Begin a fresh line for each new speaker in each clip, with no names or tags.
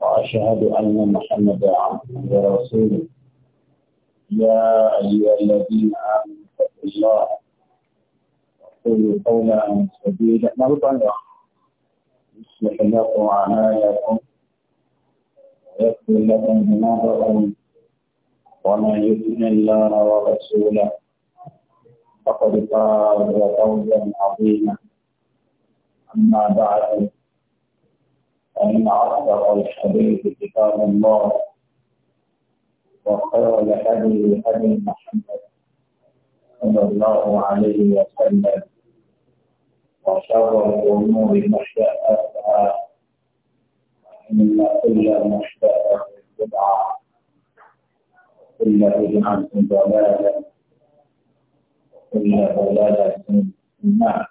وأشهد أن محمدا عبده ورسوله يا أيها الذين آمنوا اتقوا الله وقولوا قولا سديدا مرضا يصلح لكم أعمالكم ويغفر لكم ذنوبكم ومن يطع الله ورسوله فقد فاز فوزا عظيما أما بعد فإن أصدق الحديث كتاب الله وخير الهدي هدي محمد صلى الله عليه وسلم وشر الأمور محدثاتها وإن كل محدثة بدعة وكل بدعة ضلالة وكل ضلالة في النار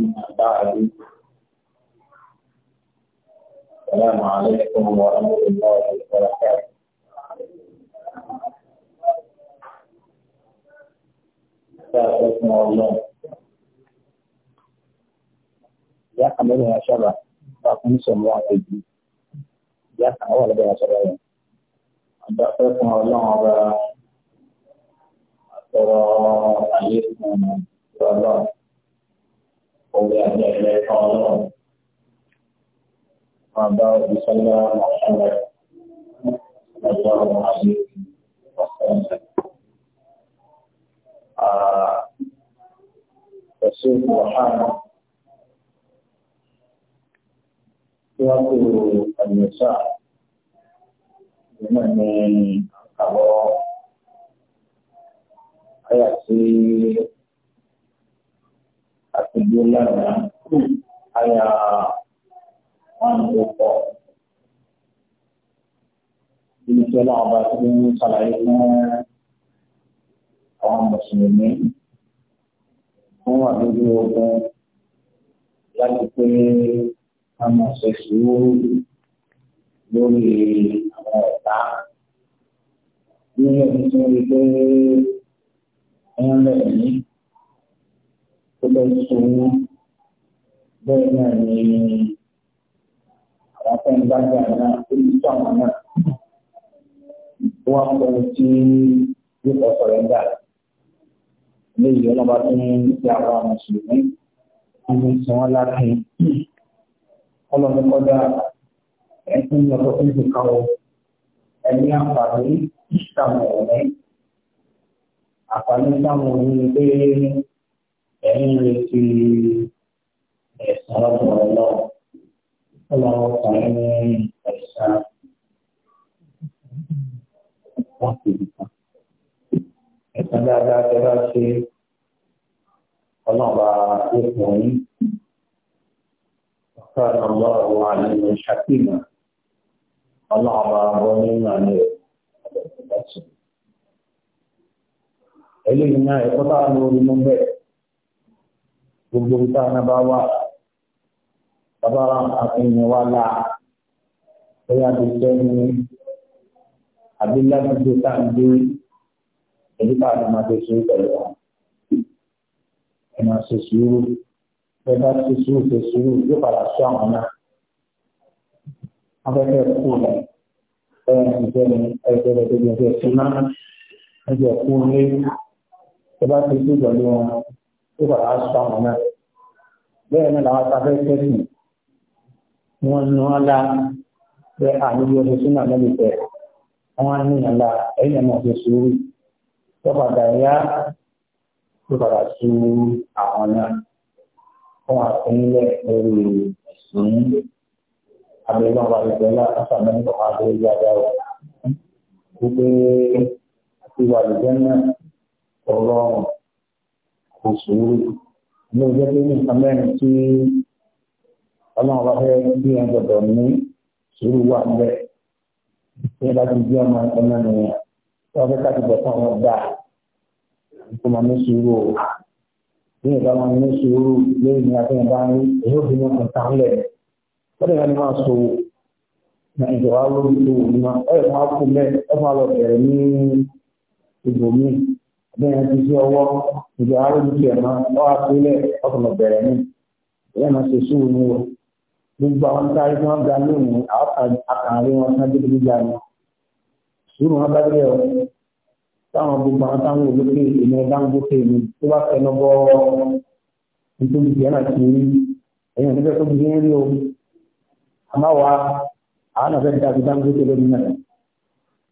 أما بعد السلام عليكم ورحمة الله وبركاته أستاذ الله يا حمد يا شباب فاطمة الله تجي يا حمد يا شباب أستاذ الله على ترى عليكم الله 我也是在杭州看到一些陌生的，个阿姨，啊，我是武汉，家住长沙，你们能帮还联系？” àti bí ó lánàá àyà one oh four. Ibi tí ọlọ́run bá ti ń ṣàlàyé fún àwọn mùsùlùmí fún àdúgbò ogun láti pé a máa ṣe sùúrù lórí àwọn ọ̀tá. Ní ẹni tí wọ́n rí pé ń rẹ̀ ní tó lọ sùn bẹ́ẹ̀ náà ni àwọn ìgbàgbà náà olùsọ àwọn náà wọn kọ sí yíkọ sọrẹ́ńdà léyìí ọlọ́ba tó ń ti àwọn mùsùlùmí àwọn tí wọ́n lákìn ọlọ́run kọjá ẹ̀sìn lọ́dọ̀ tó ń ẹni àǹfààní ìṣàmù àǹfààní ìṣàmù ọ̀rẹ́ ni pé ẹ̀yìn lè fi ẹ̀sán lọ́dọ̀ ọlọ́ ọlọ́run kan ní ẹ̀sán láti ìdìkan. ẹ̀sán dáadáa tẹ bá ṣe ọlọ́run bá tó fún yín. ọ̀kan ọlọ́run wà nínú ṣàkíyàn ọlọ́run bá bọ́ nínú àná ẹ̀sán. eléyìí náà ẹ̀kọ́ tá a lórí mú bẹ́ẹ̀ gbogbo ìta nàbà wà bàbá àfihàn wa là bóyá ti sẹ́ni àbí ládùúgbò tá à ń gbé èyí tá a lè máa fèsì pẹ̀lú wa ẹ̀ máa ṣe sùúrù ẹ bá ṣe sùúrù ṣe sùúrù yóò padà sọ àwọn náà afẹ́fẹ́ kù lọ ẹ ǹjẹ́ ni ẹgbẹ́ rẹ̀ tó gbẹ̀gbẹ̀ sí náà ẹ kú lé ẹ bá ṣe sùúrù pẹ̀lú wọn ó bàrà sọ àwọn náà bẹ́ẹ̀ náà làwọn afẹ́ tẹ́sì wọn nu ọlá pé àníbi ọdún sínú àmọ́lẹ̀ tẹ̀ wọn ní ọlá ẹ̀yìn ẹ̀mọ́ ọdún sórí tó padà yá tó padà sú àwọn náà wọn àtúnilẹ̀ lórí ẹ̀sìn abẹ́lẹ́ ọba ìgbẹ́lá àtàmẹ́ńtò àbẹ́lẹ́ adáwọ̀ wípé àti wàlúùjẹ́ náà ọlọ́run kò sòwò ní ọjọ́ pé ní nǹkan mẹ́rin tí ọlọ́run bá fẹ́ bí wọn gbọdọ̀ ní sùúrù wà ń bẹ̀ bí wọn bá ti bí ọmọ ọmọ nìyẹn tí wọn fẹ́ káàdì bọ̀ fún ọmọ gbà kó máa ní sùúrù o bí wọn bá máa ní sùúrù lórí ní afẹ́ bá ń rí èyí ò bí wọn kò tán lẹ̀ wọ́n lè ní máa sòwò na ìjọba lórí tó wù ní ẹ̀ máa kú mẹ́ ẹ̀ máa lọ bẹ̀rẹ̀ ní ibòmíì bẹ́ẹ̀ ti fi ọwọ́ ìjọ arúgbó tiẹ̀ mọ́ ọ́ àpilẹ̀ ọkùnrin bẹ̀rẹ̀ ní ìyá máa ṣe sùúrù ní wọ. gbogbo àwọn táyé tí wọ́n ga lónìí àkàrí wọn sáré gbígbí ga ni sùúrù wọn bá dé ọ táwọn gbogbo àwọn táwọn olókè èmi ẹ̀dá ń gbókè mi tó bá fẹnu bọ́ nítorí ìyá náà ti rí ẹ̀yìn òní tó gbé rí o àmọ́ wa àwọn náà fẹ́ dàgbé dáńgbókè lónìí náà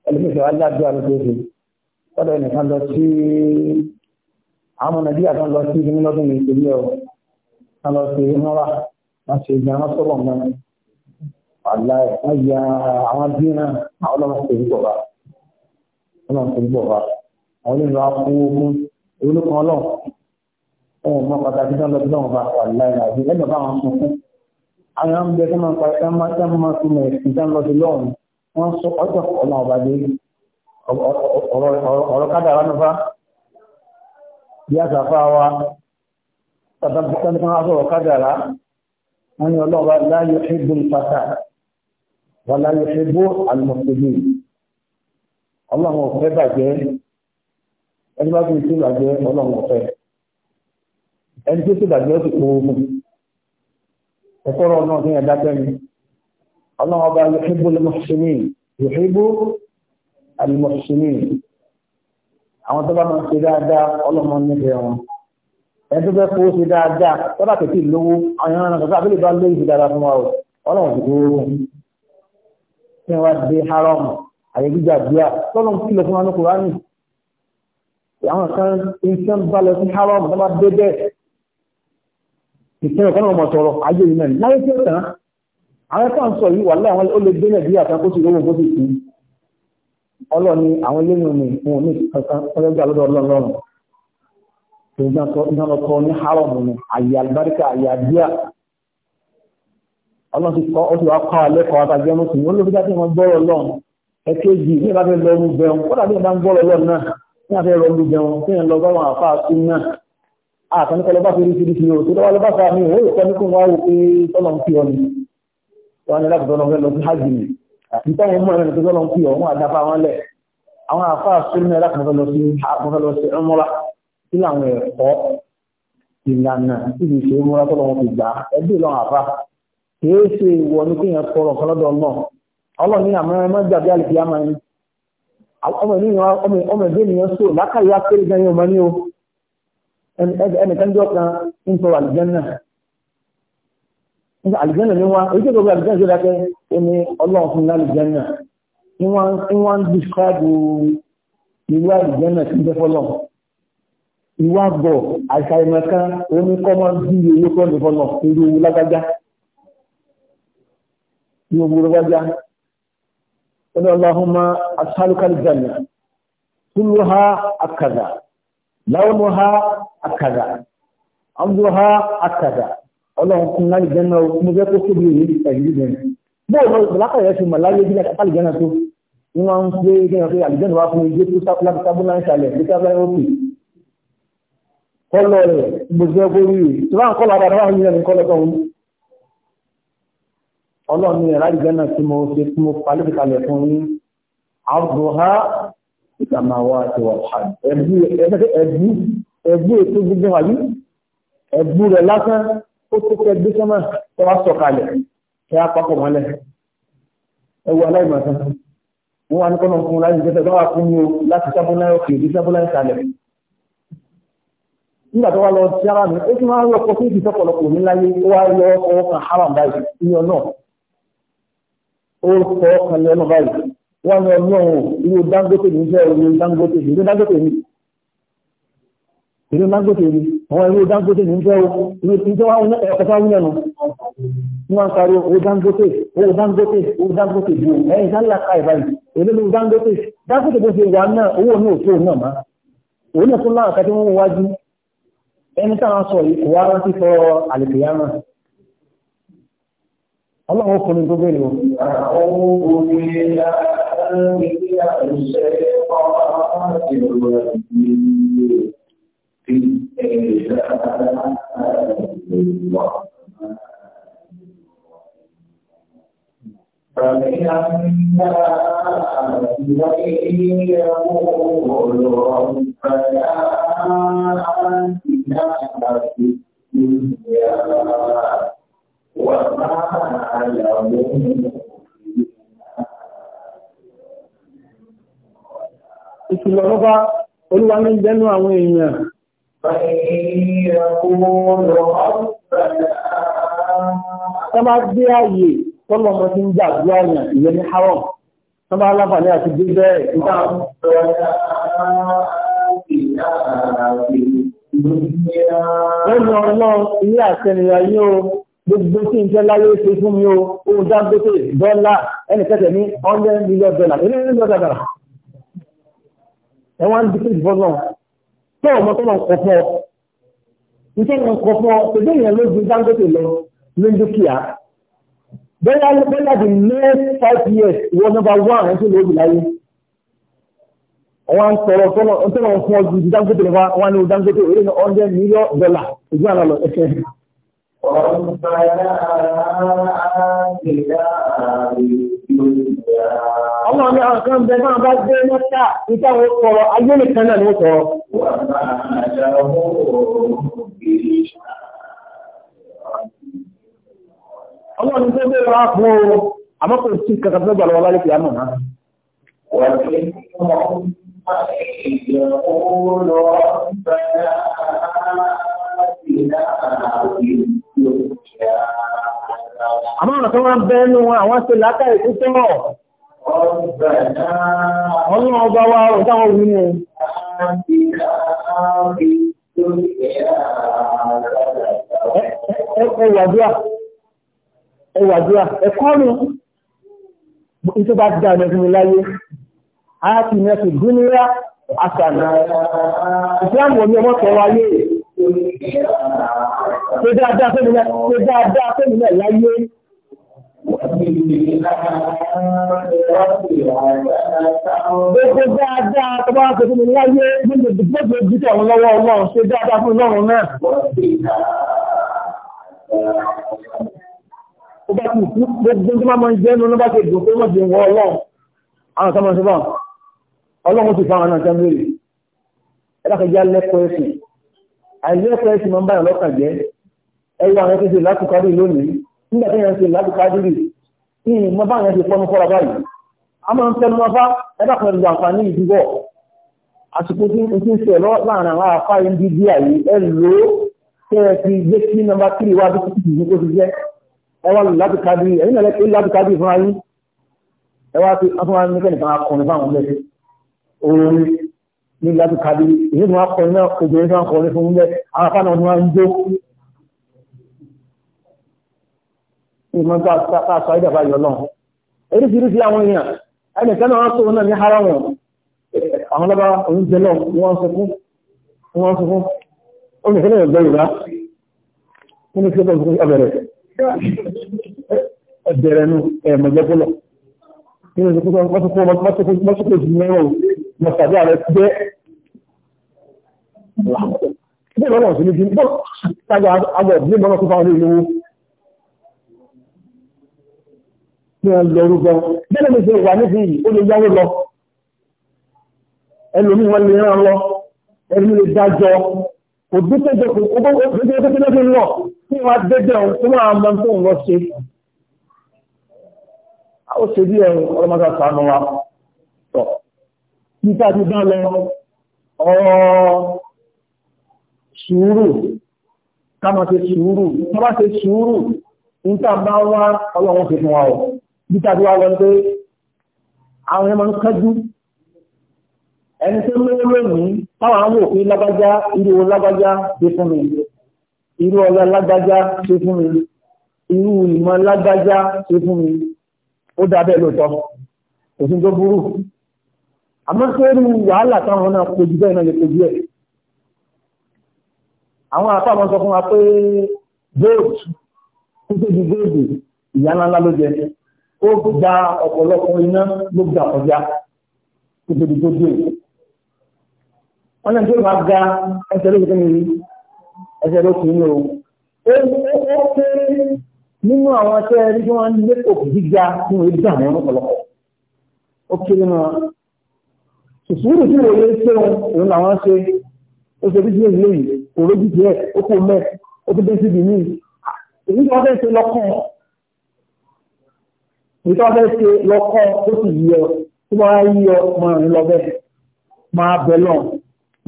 ẹlẹ́fẹ̀ẹ́ ọ̀dọ̀ ẹnìkan lọ sí àwọn ọmọ nàìjíríà tó ń lọ sí ìgbìmọ̀ lọ́dún yìí torí ẹ̀ wọ́n lọ sí mọ́ra wọ́n ṣe ìgbìmọ̀ wọn sọ́bọ̀ mọ́ àlá ẹ̀ wọ́n ya àwọn bí náà àwọn ọlọ́mọ tó ń bọ̀ bá ọlọ́mọ tó ń bá àwọn olóyìnbó á ogun ìwúlò kan ohun mọ pàtàkì tó lọ sí lọ́wọ́ bá àlá ẹ̀ àbí wọn sọ fún àwọn àmì bẹ́ẹ̀ máa ń pa ẹ̀ máa ń sọ mọ̀ ẹ̀sìn tó lọ sí lọ́wọ́ wọn sọ ọjọ́ ọlọ́wọ́ bá dé ọ̀rọ̀ kádàrá nífà bí àsàfà wa tàbátàbátà sọ̀rọ̀ kádàrá wọ́n ni ọlọ́wà la yuhibbu al-fasad wa la yuhibbu al-mufsidin ọlọ́run ọ̀fẹ́ bàjẹ́ ẹni bá tún ìtúbàjẹ́ ọlọ́run ọ̀fẹ́ ẹni tó tìbàjẹ́ ó ti kó ogun ẹ̀kọ́rọ̀ náà ní ẹ̀dá tẹ́mi ọlọ́run ọba yuhibbu al-muhsinin yuhibbu alimọ̀ṣẹ́lẹ̀ àwọn tó bá máa ṣe dáadáa ọlọ́mọ nífẹ̀ẹ́ wọn ẹni tó bẹ́ kó ṣe dáadáa tọ́lá kẹ̀kẹ́ lówó àwọn ìran náà tọ́lá abẹ́lẹ̀ bá lóyún ṣe dáadáa fún wa o ọlọ́run ti kúrò wọn kí wọ́n dé haram àyè gbígbà bíà tọ́lọ́ ń kìlọ̀ fún wa ní kùránì àwọn kan ń fi ń balẹ̀ sí haram tó bá dé bẹ́ẹ̀ ìpínlẹ̀ kan náà mọ̀ sọ̀rọ̀ ayé ìmẹ̀ láyé tí ó tán àwọn ẹ̀ka ń sọ yìí wà láwọn olè ọlọ́ni àwọn eléyìn mi wọn ní kankan ọlọ́gbà lọ́dọ̀ ọlọ́run ìdánlọ́kọ́ ní haramu ni àyè àlùbáríkà àyè àdúrà ọlọ́run ti kọ́ ó ti wá kọ́ alẹ́kọ̀ọ́ àtàjẹ́ mùsùlùmí olóbi dá sí wọn gbọ́rọ̀ lọ́run ẹ̀kejì ní ìbáfẹ́ lọ́run bẹun kọ́dà bí ìbá ń gbọ́rọ̀ lọ́run náà ní àfẹ́ lọ́run bẹun tí ìyẹn lọ báwọn àfa àtún náà àtàníkọ́ lọ́ba fi fi o tó lọ́wọ́ sí ìtẹ́yìn mú ẹ̀rọ ìtọ́jọ́ lọ ń fi ọ̀hún àdáfà wọn lẹ̀ àwọn àfáà sínú ẹ̀rọ kan fẹ́ lọ sí ọmọlá sí làwọn ẹ̀kọ́ ìlànà tí kì í ṣe múra tó lọ́wọ́ fi gbà ẹbí lọ́wọ́ àfá kìí ṣe ìwọ ní kéèyàn tọrọ nǹkan lọ́dọ̀ náà ọlọ́run ní àmọ́ ẹ̀mọ́ gbàgbé àlùkí àmọ́ ni? ọmọ ẹ̀dẹ́ ènìyàn sọ lákàlẹ́ akéré gan yóò mọ́ ní o ẹnìkan nígbà àlùjẹ́nà ní ojú ìgbàgbọ́ àlùjẹ́nà ṣe dákẹ́ ó ọlọ́run fún lálùjẹ́nà ní ń describe ìwé àlùjẹ́nà tí ń bẹ́ fọ́lọ̀ ìwé àgbọ̀ àṣà ìmọ̀ká omi kọ́ máa ń bí owó tó ń bẹ́ fọ́lọ̀ orí owó lágbájá ní owó lágbájá ó ní Allahumma asálùkálì jẹ́nà kúlùhá àkàdà láwùmùhá àkàdà àmdùhá àkàdà ọlọ́run kún láti jẹ́ náà mo fẹ́ kó tóbi òye ẹ̀yìn rẹ̀ bóò lọ ìbùlákà yẹn ti mọ̀ láyé bí látàlì jẹ́ náà tó ni wọ́n ń gbé gẹ́gẹ́ pé àlùjẹ́ náà wá fún iye tó sáfù láti sábó láì sàlẹ̀ bí sábà ó pè kọ́lọ̀ rẹ̀ mo fẹ́ kó rí rè tó bá ń kọ́lọ̀ abàdàn wà nílẹ̀ ní kọ́lọ̀ tọ̀hún ọlọ́run ni ẹ̀rá ìjẹ́ tí mo ṣe tí mo palẹ́ fi kalẹ̀ fún yín àbùhá ìgbàmáwá àti wàhálà ẹ̀bú ètò gbogbo wáyé ẹ̀bú rẹ̀ lásán ó tó fẹ́ gbé sọ́mà tó wá sọ̀kalẹ̀ tó wá papọ̀ mọ́lẹ̀ ẹ wo aláìmọ̀ kan wọ́n wá ní kọ́nà fún láti jẹ́ tẹ́tọ́ wà fún mi o láti sábúláyà òkè ìdí sábúláyà sàlẹ̀ nígbà tó wá lọ sí ara mi ó tún máa ń lọ kọfí ìdí sọ́pọ̀lọpọ̀ mi láyé ó wá lọ ọwọ́ kan haram báyìí ìyọ náà ó fọ́ kan lẹ́nu báyìí wọ́n lọ náà ìlú Dangote níjẹ́ ìlú Dangote ìlú Dangote níjẹ́ ìlú Dangote ni àwọn ìlú Dangote ní jẹ́ ohun ẹ̀kọ́ta wúlẹ̀ nù ní wọ́n sáré owó Dangote owó Dangote owó Dangote bí i ẹ̀yìn sálà ká ìbáyìí èlé ló Dangote Dangote bó ṣe wà náà owó ní òṣù òun náà má òun náà tún láwọn kan tí wájú ẹni táwọn sọ yìí kò wá rántí sọ àlèkè yá náà ọlọ́run ọkùnrin tó bẹ̀rẹ̀ o. àwọn obìnrin Ìkìlọ̀ lọ́pàá, olúwa ní ìjẹ́nu àwọn èèyàn Tọ́má gbé ààyè tọ́lọ̀ ọmọ tí ń jà bí àyàn ìyẹn ní Haram. Tọ́má alábàní àti gbé bẹ́ẹ̀ ìgbà. Lẹ́nu ọ̀nà ilé àṣẹnìyàn yóò gbogbo tí ń tẹ́ láyé ṣe fún mi o, ohun dágbété dọ́là ẹnìkẹ́tẹ̀ ní 100 million dollar. Ilé ìlú ọ̀dà Ẹwọ́n ń dìkẹ́ tó ọmọ tó máa ń nítorí wọn kọ fún ọ ló ju Dangote lọ ló dúkìá bẹ́ẹ̀ ni bẹ́ẹ̀ láti next five years wọ number one ẹ̀sìn lóògì láyé wọn tọrọ tọrọ tọrọ fún ọ Dangote lọ wọn ni Dangote orí ni hundred million dollar ojú àná lọ ẹsẹ̀. Ọ̀nbàlá àbílá àbílá. Ọmọ mi àwọn kan bẹ máa bá gbé mọ́ta ìtàwọn kọ̀rọ̀ ayé nìkan náà ni ó sọ̀rọ̀. Ọmọ mi tó bẹ̀rẹ̀ wá fún ooo, àmọ́ kò sí kankan tó gbàlọ́wọ́ lálẹ́ kìí àmọ̀ náà. Wọ́n ti mọ̀ máa ń ṣe owó lọ bẹ́ẹ̀ àmọ́ ọ̀nà tó wọ́n bẹ́ẹ̀ nù àwọn ṣe látàrí tó tọ́ ọlọ́run ọba wa ọ̀rọ̀ táwọn wí ni ẹwàdúrà ẹwàdúrà ẹ̀kọ́ mi tó bá ti dáadọ́ fún mi láyé a ti mẹ́sì gúnúra àtànà ìsìlámù omi ọmọ tọ́wọ́ ayé rẹ̀ Ṣé dáadáa fẹ́mi náà ṣe dáadáa fẹ́mi náà láyé. Gbogbo dáadáa tó bá ṣe fún mi láyé nínú gbogbo jíjẹ àwọn lọ́wọ́ Ọlọ́run ṣe dáadáa fún Ọlọ́run náà. Ó bá ti gbogbo tó máa ń jẹ́ nínú bá ṣe dùn pé wọ́n ti wọ Ọlọ́run. Àwọn kan máa ń ṣe báwọn. Ọlọ́run ti fáwọn náà jẹ́ mẹ́rin. Ẹ bá kẹjá lẹ́kọ̀ọ́ ẹ̀sìn àìsíkọ́ ẹ̀sìn máa ń báyọ̀ lọ́kàn jẹ́ ẹ̀rọ àwọn ẹ̀sìn látùkádì lónìí nígbà tí wọ́n ṣe látùkádì rè ní ìmọ̀ báyọ̀ ṣe fọ́nú fọ́ra báyìí a máa ń tẹnu ọba ẹ̀dá kan lu àǹfààní ìdúgbọ̀ àsìkò tí n ti ń ṣe láàrin àwọn afá ibi díà yìí ẹ lò ó tẹ́ ẹ fi gbé sí nọ́mbà tírì wá bí kìkì ní kó ti jẹ́ ẹ wá lù látùkádì ẹ̀yìn náà lẹ́kẹ́ látùkádì fún ayé ẹ wá fi afúnwá ní kẹ́nìkan akọrin fáwọn ọmọ ẹ̀ orin ní ìlàtù kàbírí ìyẹ́ ìwọ̀n akọrin náà obìnrin tó ń kọrin fún ilẹ̀ arápá náà wọ́n ń jó ìmọ̀gbà àṣà ìdàbà yọ náà oríṣiríṣi àwọn èèyàn ẹni tẹ́nà wọn tó náà ní ara wọn àwọn lọ́ba oúnjẹ náà wọ́n sọ fún wọ́n sọ fún olùfẹ́lẹ̀ ẹ̀gbẹ́ ìlà kí ni fíjọ́ fún ọbẹ̀rẹ̀ ẹ̀bẹ̀rẹ̀ nu lọ sàdúrà rẹ jẹ́ bí lọ́nà òsì ní kí bọ́ tágbà agbọ̀ ní mọ́nà tó fáwọn olówó ní wọ́n lọ rúgbọ́ bẹ́ẹ̀ mi ṣe wà níbi ó lè yáwó lọ ẹlòmí wọn lè rán lọ ẹlòmí lè dájọ kò dúpẹ́ jẹ kò ó bó ó fi ṣe kékeré fi lọ kí wọ́n dẹ́jẹ́ òun tó máa mọ tó ń lọ ṣe ó ṣe bí ẹ̀rùn ọlọ́mọdé àtàánú wa tọ̀ títà ti bá lọ ọ̀rọ̀ sùúrù káàmà ṣe sùúrù tó bá ṣe sùúrù níta bá wá ọlọ́run fi fún wa ọ̀ títà ti wá lọ pé àwọn ẹmọ ń kánjú ẹni tó lóore ní táwọn àwọn òfin lágbájá irú lágbájá dé fún mi irú ọlá lágbájá ṣe fún mi irú ìmọ̀ lágbájá ṣe fún mi ó dá bẹ́ẹ̀ lóòótọ́ òfin tó burú àmọ́ sórí wàhálà táwọn náà kojú bẹ́ẹ̀ náà lè kojú ẹ̀ àwọn àpáwọn sọ fún wa pé gold títí di gold ìyá ńláńlá ló jẹ ó gba ọ̀pọ̀lọpọ̀ iná ló gbà kọjá títí di gold wọn náà tó máa ga ẹsẹ̀ ló fi kí ni ẹsẹ̀ ló fi ń o ó ó pé nínú àwọn ẹsẹ̀ rí tí wọ́n lé òkú gíga fún ìdààmú ọ̀pọ̀lọpọ̀ ó kéré náà sùsùrù tí wọ́n lè ṣe wọn òun làwọn ṣe ó ṣe bíjì ìlú yìí òrójì díẹ̀ ó kò mẹ́ ó tó dé síbi ní èyí tí wọ́n fẹ́ ṣe lọ́kàn èyí tí wọ́n fẹ́ ṣe lọ́kàn ó sì yí ọ tí wọ́n á yí ọ mọ àrùn lọ bẹ́ẹ̀ máa bẹ lọ́n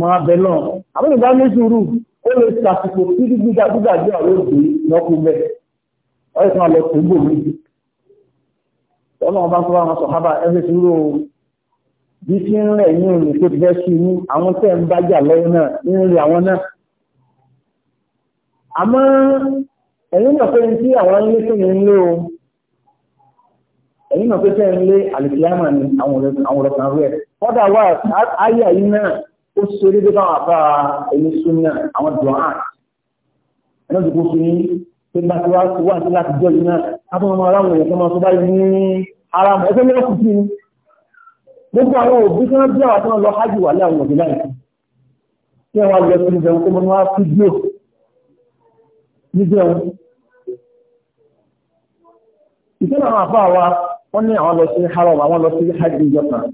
máa bẹ lọ́n àbúrò bá ní sùúrù ó lè ṣàsìkò tí gbígbà gbígbà gbé àwọn òbí lọ́kù mẹ́ ọ̀rẹ́ kan lọ tó gbòmí ọlọ́run bá ń sọ bí tí ń rẹ̀ ní òní tó ti fẹ́ sí ní àwọn tẹ́ ń bájà lọ́wọ́ náà ń rí àwọn náà. àmọ́ ẹ̀yìn náà pé tí àwọn ilé tó ń lé o ẹ̀yìn náà pé tẹ́ ń lé àlùkìyàmà ni àwọn ọ̀rọ̀ kan rẹ̀. kọ́dà wà ayé àyí náà ó ṣe déédéé bá wàá bá ẹni sún náà àwọn dùn án. ẹ̀rọ ìdìbò fún yín pé bá ti wá sí láti jọ́ yìí náà ká tó máa ráwọn èèyàn tó máa tó báyìí ní gbogbo àwọn òbí tí wọ́n bí àwọn tí wọ́n lọ hajj wà láwọn òbí láì tí wọ́n lọ sí ìbẹ̀rù tó mọ́nú wá fídíò níjẹ́ wọn. ìṣẹ́ àwọn àbá wa wọ́n ní àwọn lọ sí haram àwọn lọ sí hajj ìjọ kan.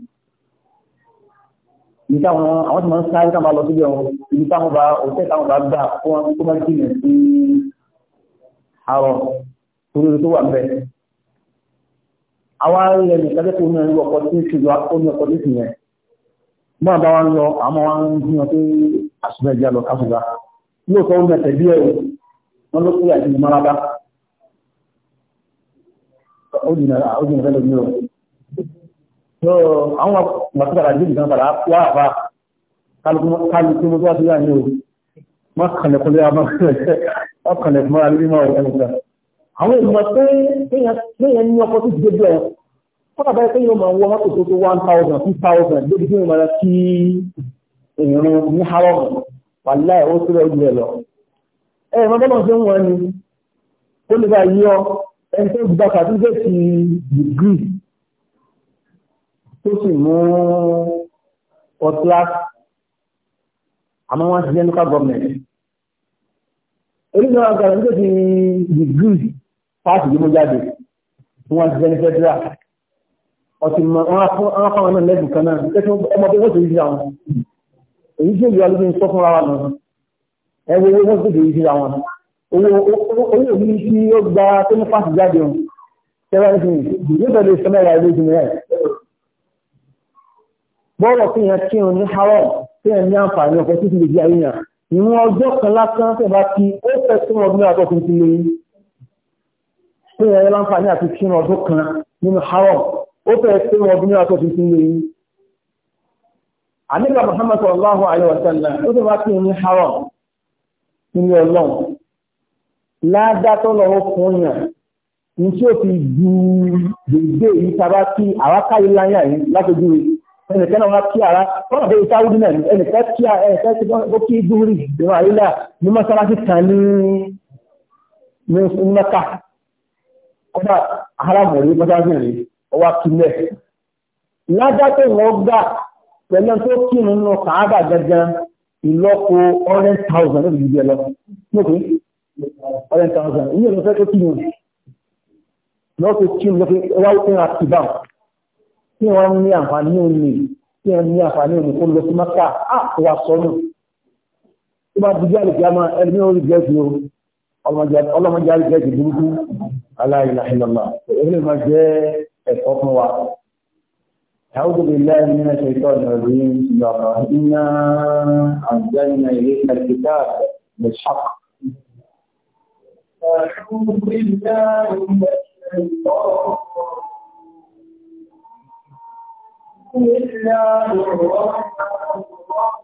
àwọn tí wọ́n ń sáré táwọn lọ sí ìbẹ̀rù ibi táwọn bá òtẹ́ táwọn bá gbà kó wọ́n kó máa jìnà sí haram torí tó wà bẹ́ẹ̀. àwa rẹ̀ nìkan tó ní ẹrú ọkọ̀ tí ṣe ó ní ọkọ̀ nísìn yẹn máa bá wa ń lọ àmọ́ wa ń fi hàn pé lọ lóòótọ́ ó mẹ̀tẹ̀ o wọ́n ló pé àti ìmọ̀lábá ó jìnà ó jìnà àwọn padà wá kálukú o má lé àwọn èèyàn pé kéèyàn ní ọkọ̀ tó ti gbégbé ẹ̀ fọ́nà báyìí pé yóò máa wọ mọ́tò tó tó one thousand two thousand débi tí yóò máa kí ìrìn ní harrogan wàlá ẹ̀ ó tó lọ́ọ́ ilẹ̀ lọ. ẹ ẹ̀ mọ́tò náà ṣe ń wọ́n ni ó lè bá yí ọ ẹni tó gba sàtúnṣẹ́sì dìgírì tó sì mú ọtílá àmọ́ wọ́n ti jẹ́ local government. èyí ni wọ́n gbàgbọ́ nígbà tí dìgírì páàsì yìí mú jáde tí wọ́n ti fẹ́ ní fẹ́dúrà ọtí wọn fáwọn náà lẹ́bùn kan náà pé ọmọ bí wọ́n ti yíra wọn èyí tí èyí alóbi ń sọ fúnra wa nù ẹ wo owó tó yìí yíra wọn owó orí òbí tí ó gba tó ní páàsì jáde wọn tẹ́wọ́n ní sìn yóò tẹ̀lé sọmọ ẹ̀rọ ilé ìjìnlẹ̀ bọ́ọ̀lù kí yẹn kí wọn ní harọ́ kí yẹn ní àǹfààní ọ̀pọ̀ tó ti lè di àyíyàn ìwọ̀n ọjọ́ kan lásán tẹ̀ ti ó fẹ́ tó wọn bí fún ẹ̀yẹ láǹfààní àti kí wọn ọdún kan nínú haram ó fẹ́ pé wọn ọdún mẹ́wàá tó fi sínú yìí àníkà Muhammad sallallahu alayhi wa sallam ó sì wá sí ní haram nínú ọlọ́run ládàtọ́ lọ́wọ́ fún yàn ní tí ó fi ju gbèdé yìí sábà kí àwákáyé láyà yìí látọjú rẹ̀ ẹnìkan náà wá kí ara kọ́nà bẹ́ẹ̀ ìta wúdí náà ẹnìkan kí ẹnìkan ti bọ́ kí dúró ìgbìmọ̀ àyílà ní mọ́sálásí kan ní mẹ́ka kọ́dà aráàmù rí mọ́sáàsì rí ọwá kílẹ̀ ládájọ́ wọn gbà pẹ̀lú tó kírun nínú kàábà gangan ìlọ́po ọ̀rẹ́n tàùsàn lórí ibi ẹ̀ lọ lókè ọ̀rẹ́n tàùsàn ìyẹn ló fẹ́ tó kírun lọ́pẹ́ kírun lọ́pẹ́ ọwá ó fẹ́ràn àtìbá kí wọ́n ní àǹfààní òní kí wọ́n ní àǹfààní òní kó lọ sí mọ́kà á ah, wà sọ́nù tó bá dìgbà lè fi àmà ẹni orí gẹ̀ẹ́sì ọlọ́mọdé àríkẹ́ ti burúkú aláìláìlọ́lá èlé máa jẹ́ ẹ̀kọ́ fún wa أعوذ بالله من الشيطان الرجيم بسم الله الرحمن إنا أنزلنا إليك الكتاب بالحق أعوذ بالله من الشيطان بسم الله الرحمن الرحيم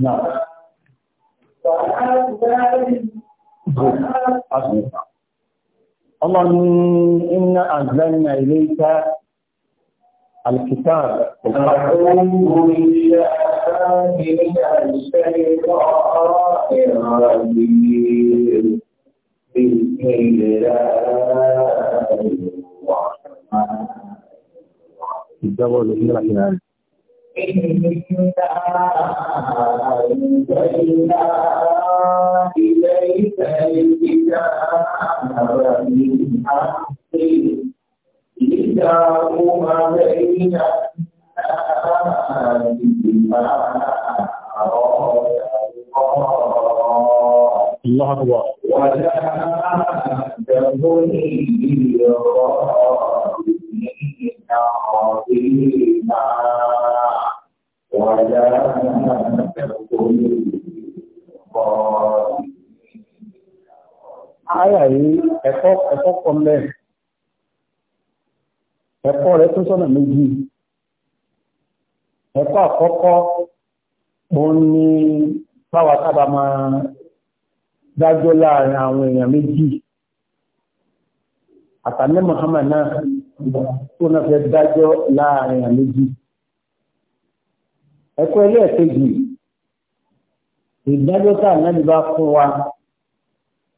نعم الله إنا أنزلنا إليك الكتاب أعوذ بالله من الشيطان الرجيم بسم الله الرحمن ìjábọ̀ lórí ìlànà. الله أكبر وجعله Àyà yìí ẹ̀kọ́ ẹ̀kọ́ kọlẹ̀ ẹ̀kọ́ rẹ̀ tó sọ́nà méjì. Ẹ̀kọ́ àkọ́kọ́ òun ni báwa sábà máa dájọ́ láàrin àwọn èèyàn méjì àtàlẹ́ Muhammad náà tó náà fẹ́ dájọ́ láàrin èèyàn méjì ẹ̀kọ́ ẹlẹ́ẹ̀kejì ìdájọ́ tá ànábì bá fún wa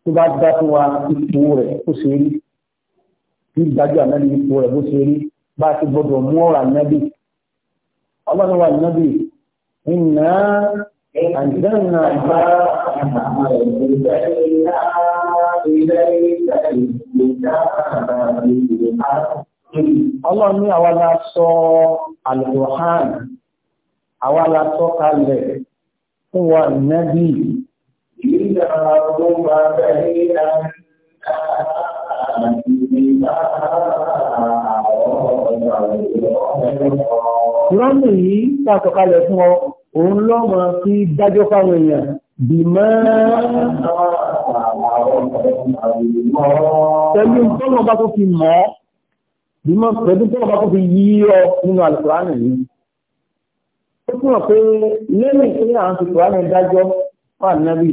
tó bá dá fún wa ipò rẹ̀ bó ṣe rí kí ìdájọ́ ànábì ipò rẹ̀ bó ṣe rí bá a ti gbọ́dọ̀ mú ọ̀rọ̀ ànábì ọlọ́run wa ànábì ìnà àǹdánà bá أهدينا إليك الكتاب بالحق Ọlọ́run ní àwa la sọ Al-Qur'an, àwa la sọ kalẹ̀ fún wa nẹ́bí. Ìgbà yìí tàtọ̀kalẹ̀ fún ọ, òun lọ́mọ sí dájọ́ fáwọn èèyàn bìmọ́ pẹ̀lú tọ́lọ̀ bá tó fi mọ́ bìmọ́ pẹ̀lú tọ́lọ̀ bá tó fi yí ọ nínú alùpùránì yìí ó túnmọ̀ pé lẹ́yìn pé à ń fi pùránì dájọ́ fún ànábì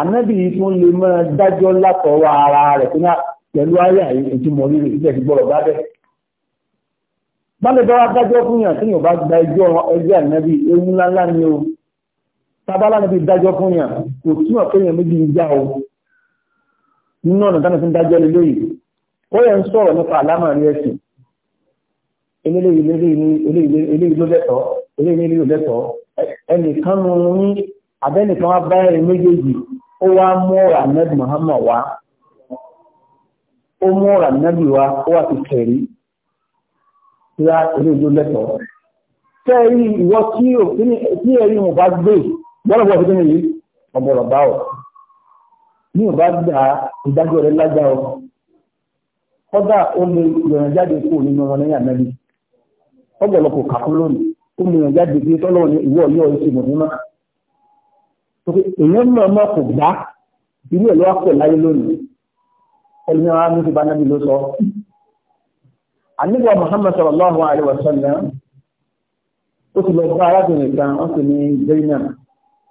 ànábì yìí tún lè máa dájọ́ látọwọ́ ara rẹ̀ pé pẹ̀lú ayé àyè ètò mọ̀rí rẹ̀ síbẹ̀ ti gbọ́rọ̀ bá bẹ́ẹ̀ bá lè bá wa dájọ́ fún yàn tí yàn bá gba ẹjọ́ ẹjọ́ ànábì ewu ńláńlá ni o tábàlá ni fi dájọ́ fún yàn kò túmọ̀ pé èèyàn méjì ń já o nínú ọ̀nà táwọn fi ń dájọ́ lélẹ́ yìí ó yẹ ń sọ̀rọ̀ nípa àlámà ní ẹ̀sìn eléyìí eléyìí ló lẹ́tọ̀ọ́ eléyìí ló lẹ́tọ̀ọ́ ẹnìkan nu ní abẹ́nìkan wá bá ẹ̀rín méjèèjì ó wá mú ọ̀rọ̀ ahmed muhammad wá ó mú ọ̀rọ̀ ahmed wá ó wá ti kẹ̀rí tí wá eléyìí ló lẹ́tọ̀ọ́ tẹ́ẹ̀rí ìwọ tí ẹ̀rí mo bá gbé bọ́lá bọ́ fún yìí ọ̀bọ̀rọ̀ bá ọ̀ ní ọba gba ìdájọ́ rẹ̀ lágbá ọ kọ́dà ó lè yọ̀ràn jáde kó nínú ọmọ lẹ́yìn ànábi ọ̀pọ̀lọpọ̀ kàkún lónìí ó lè yọ̀ràn jáde pé tọ́lọ́ ní ìwọ yóò ṣe mọ̀mí mọ́ èèyàn náà mọ̀ kò gbá ilé ẹ̀ lọ́wọ́ pọ̀ láyé lónìí ẹni náà ní ti bá nábi ló sọ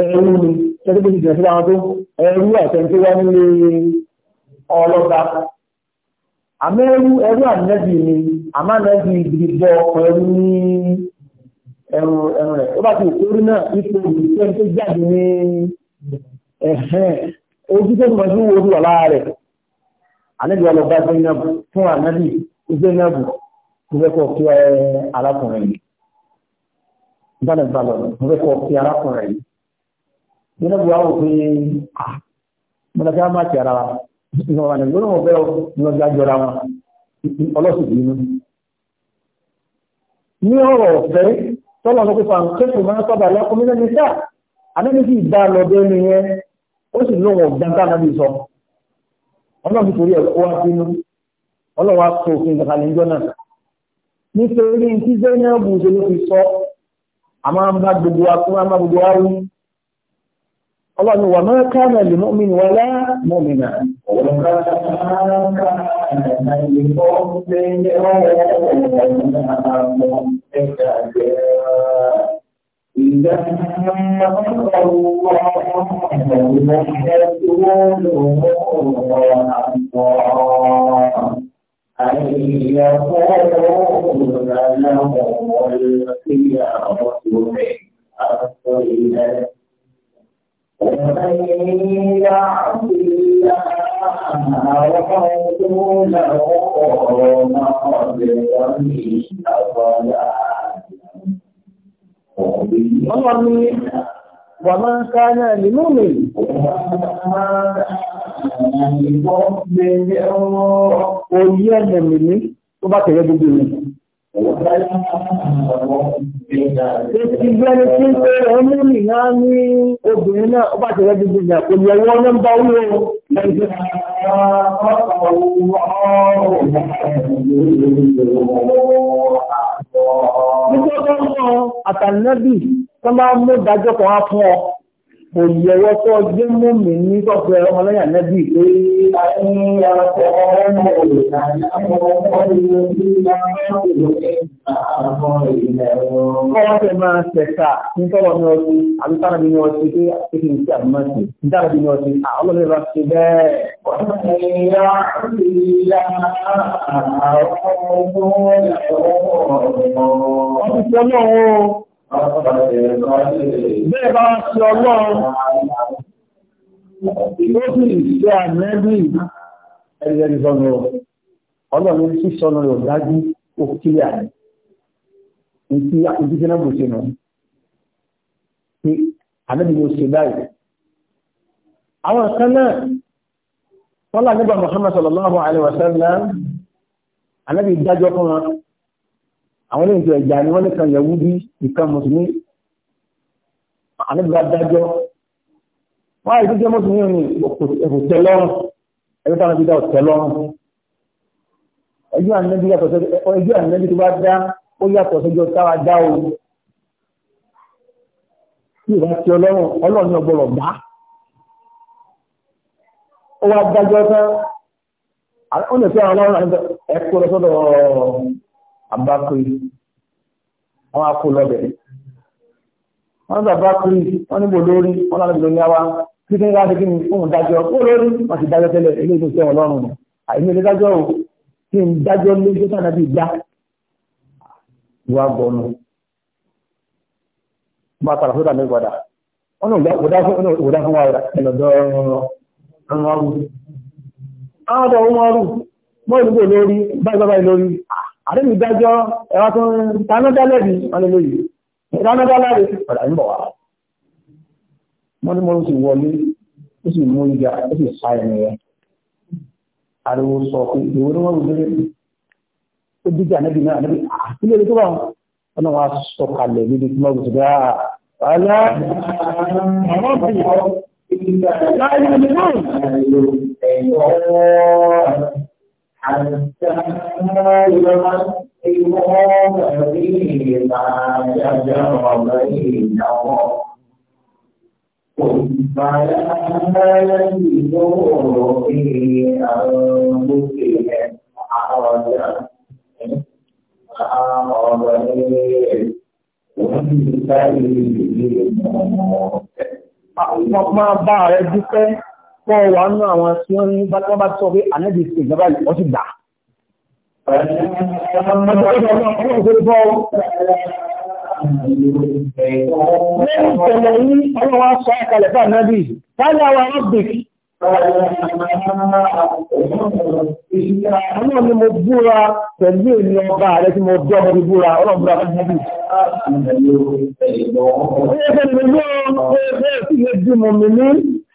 ẹrú ni tẹ́lẹ̀ tó ti jẹ́ sí àwọn tó ẹrú àtẹni tó wá nílé ọlọ́ba àmẹ́rú ẹrú ànẹ́bì ni àmánẹ́bì ìdìbò ẹrú ní ẹrù ẹrù rẹ̀ ó bá ti òkú rí náà ipò ìfẹ́ tó jáde ní ẹ̀hẹ́n ojú tó mọ̀ sí wo ojú ọ̀la rẹ̀ ànẹ́bì ọlọ́ba Zainabu fún ànẹ́bì Zainabu tó fẹ́ kọ́ kí arákùnrin yìí. Ìbánidọ́lọ́ tó fẹ́ kọ́ kí arákùnrin yìí nínú bu àwọn òfin mọ̀lẹ́kẹ́ á máa ti ara wa nínú ọ̀rọ̀ àná lónìí wọn fẹ́ lọ́jà jọra wọn ọlọ́sùn bínú. ní ọ̀rọ̀ ọ̀fẹ́ tọ́lọ̀ ló pípa kéèkù máa ń sábà lẹ́kọ́ mílẹ̀ ní sáà anábì sì dá lọ́dọ̀ ẹni yẹn ó sì lóhùn ọ̀gbọ̀ntà náà bí sọ ọlọ́run torí ẹ̀kọ́ wá sínú ọlọ́run wá sọ òfin ìgbàkalẹ̀ ìjọ náà nítorí tí zainabu ṣe ló fi sọ àmọ́ bá gbogbo wa fún gbogbo wa ọlọ́run wà máa káàmà lè mọ́mí wà láà mọ́mí náà. أن يقولوا لهم الخيار من أصل ومن يعص الله ورسوله فقد ضل ضلالا ومن كان لمؤمن Oyí ẹ̀mẹ̀mẹ̀ ní tó bá tẹ̀yẹ́ gbogbo ìrìn. Ìgbẹ́ni tí ń pé ọmọ ìrìnà ní obìnrin náà, ó ti rẹ́ gbogbo ìyà kò yẹ wọ́n nọ́mbà owó Nígbọ́gbọ́n àtàlẹ́bì tó máa mú ìdájọ́ kan wá fún ọ kò yẹ wọ́pọ̀ gbé mú mi ní sọ́fẹ́ ọmọlẹ́yìn nẹ́bí pé kọ́ọ̀tẹ̀ máa tẹ̀ka ní tọ́wọ́ ní ọtí àbíkára bí ní ọtí pé èkì ní sí àbúmọ́sí ìdára bí ní ọtí àọlọ́lẹ́ bá ti bẹ́ẹ̀ ọ̀tí pọ̀ náà Bẹ́ẹ̀ bá ń ṣe ọlọ́run, ó sì ṣe àmẹ́bí ẹ̀yẹ ìsọ̀nà ọlọ́run sí sọ́nà rẹ̀ dájú òkílẹ̀ àrẹ. Ìtí ìdíjẹ́ náà bò ṣe nà ní àmẹ́bí ló ṣe báyìí. Àwọn kan náà, wọ́n lá nígbà Muhammad sallallahu alaihi wasallam, àwọn ilé ìjọ ìjà ni wọ́n nìkan Yahudi nìkan mùsùlùmí àníbà dájọ́ wọ́n àìsí jẹ́ mùsùlùmí ní òkùtẹ̀ lọ́rùn ẹgbẹ́ táwọn ìjọba òtẹ̀ lọ́rùn ẹjọ́ àníbí tó bá dá ó yàtọ̀ sójọ́ táwa dá o tí ìbá ti ọlọ́run ọlọ́run ní ọgbọ́rọ̀ gbá ó wá dájọ́ tán ó lè fẹ́ àwọn ọlọ́run àti ẹ̀kọ́ lọ sọ́dọ̀ ọ̀rọ̀ àbákiri wọ́n á kó lọ́bẹ̀ wọ́n sọ àbákiri wọ́n níbo lórí wọ́n lọ́nà ìlú níyàwó kí kí ní láti kí ni fóun dájọ́ ó lórí wọ́n ti dájọ́ tẹ́lẹ̀ ilé ìlú sẹ́wọ̀n lọ́rùn ni àìní ilé dájọ́ o kí n dájọ́ lójú sànà bíi dá ìwà gbọ́nù bá padà sódà ní padà wọ́n ní òdá fún wa ẹ̀lọ́dọ̀ ọmọ ọrù àwọn ọmọ ọrù mọ́ ìlú lórí báyìí báyìí lórí ah àdéhùn ìdájọ́ ẹwà tó ń tanádálẹ́bì ọlọ́lọ́yìí ìdánádálẹ́bì padà ń bọ̀ wá wọ́n ní mo sì wọlé ó sì mú ìjà ó sì sa ẹni rẹ̀ ariwo sọ pé ìwé ni wọ́n rò lórí ó díjà níbi náà níbi ah, àtúlẹ̀ tó bá wọn wọn wá sọ kalẹ̀ níbi tí wọ́n rò sí dáa ọ̀la àwọn bí wọ́n láyé nínú ẹ̀yọ́ حتى يرى الله فيما شجر بينهم ثم لا يجدوا في أنفسهم حرجا Máa bá rẹ dúpẹ́ pọ̀ wà nínú àwọn tí wọ́n ní bá tọ́ bá sọ pé ànẹ́bì sí ìjọba ìwọ́n ti gbà. Lẹ́yìn tẹ̀lẹ̀ yìí, ọlọ́wọ́ sọ àkàlẹ̀ fún ànẹ́bì, tálẹ̀ àwọn ọ̀gbìkì. Àwọn ni mo búra pẹ̀lú èmi ọba rẹ̀ tí mo bọ́ ọmọdé búra, ọlọ́bùra fún ẹbí. Ó yẹ kẹ́ni mo ní ọ̀rọ̀ pé bẹ́ẹ̀ sí lè dì mọ̀ mi ní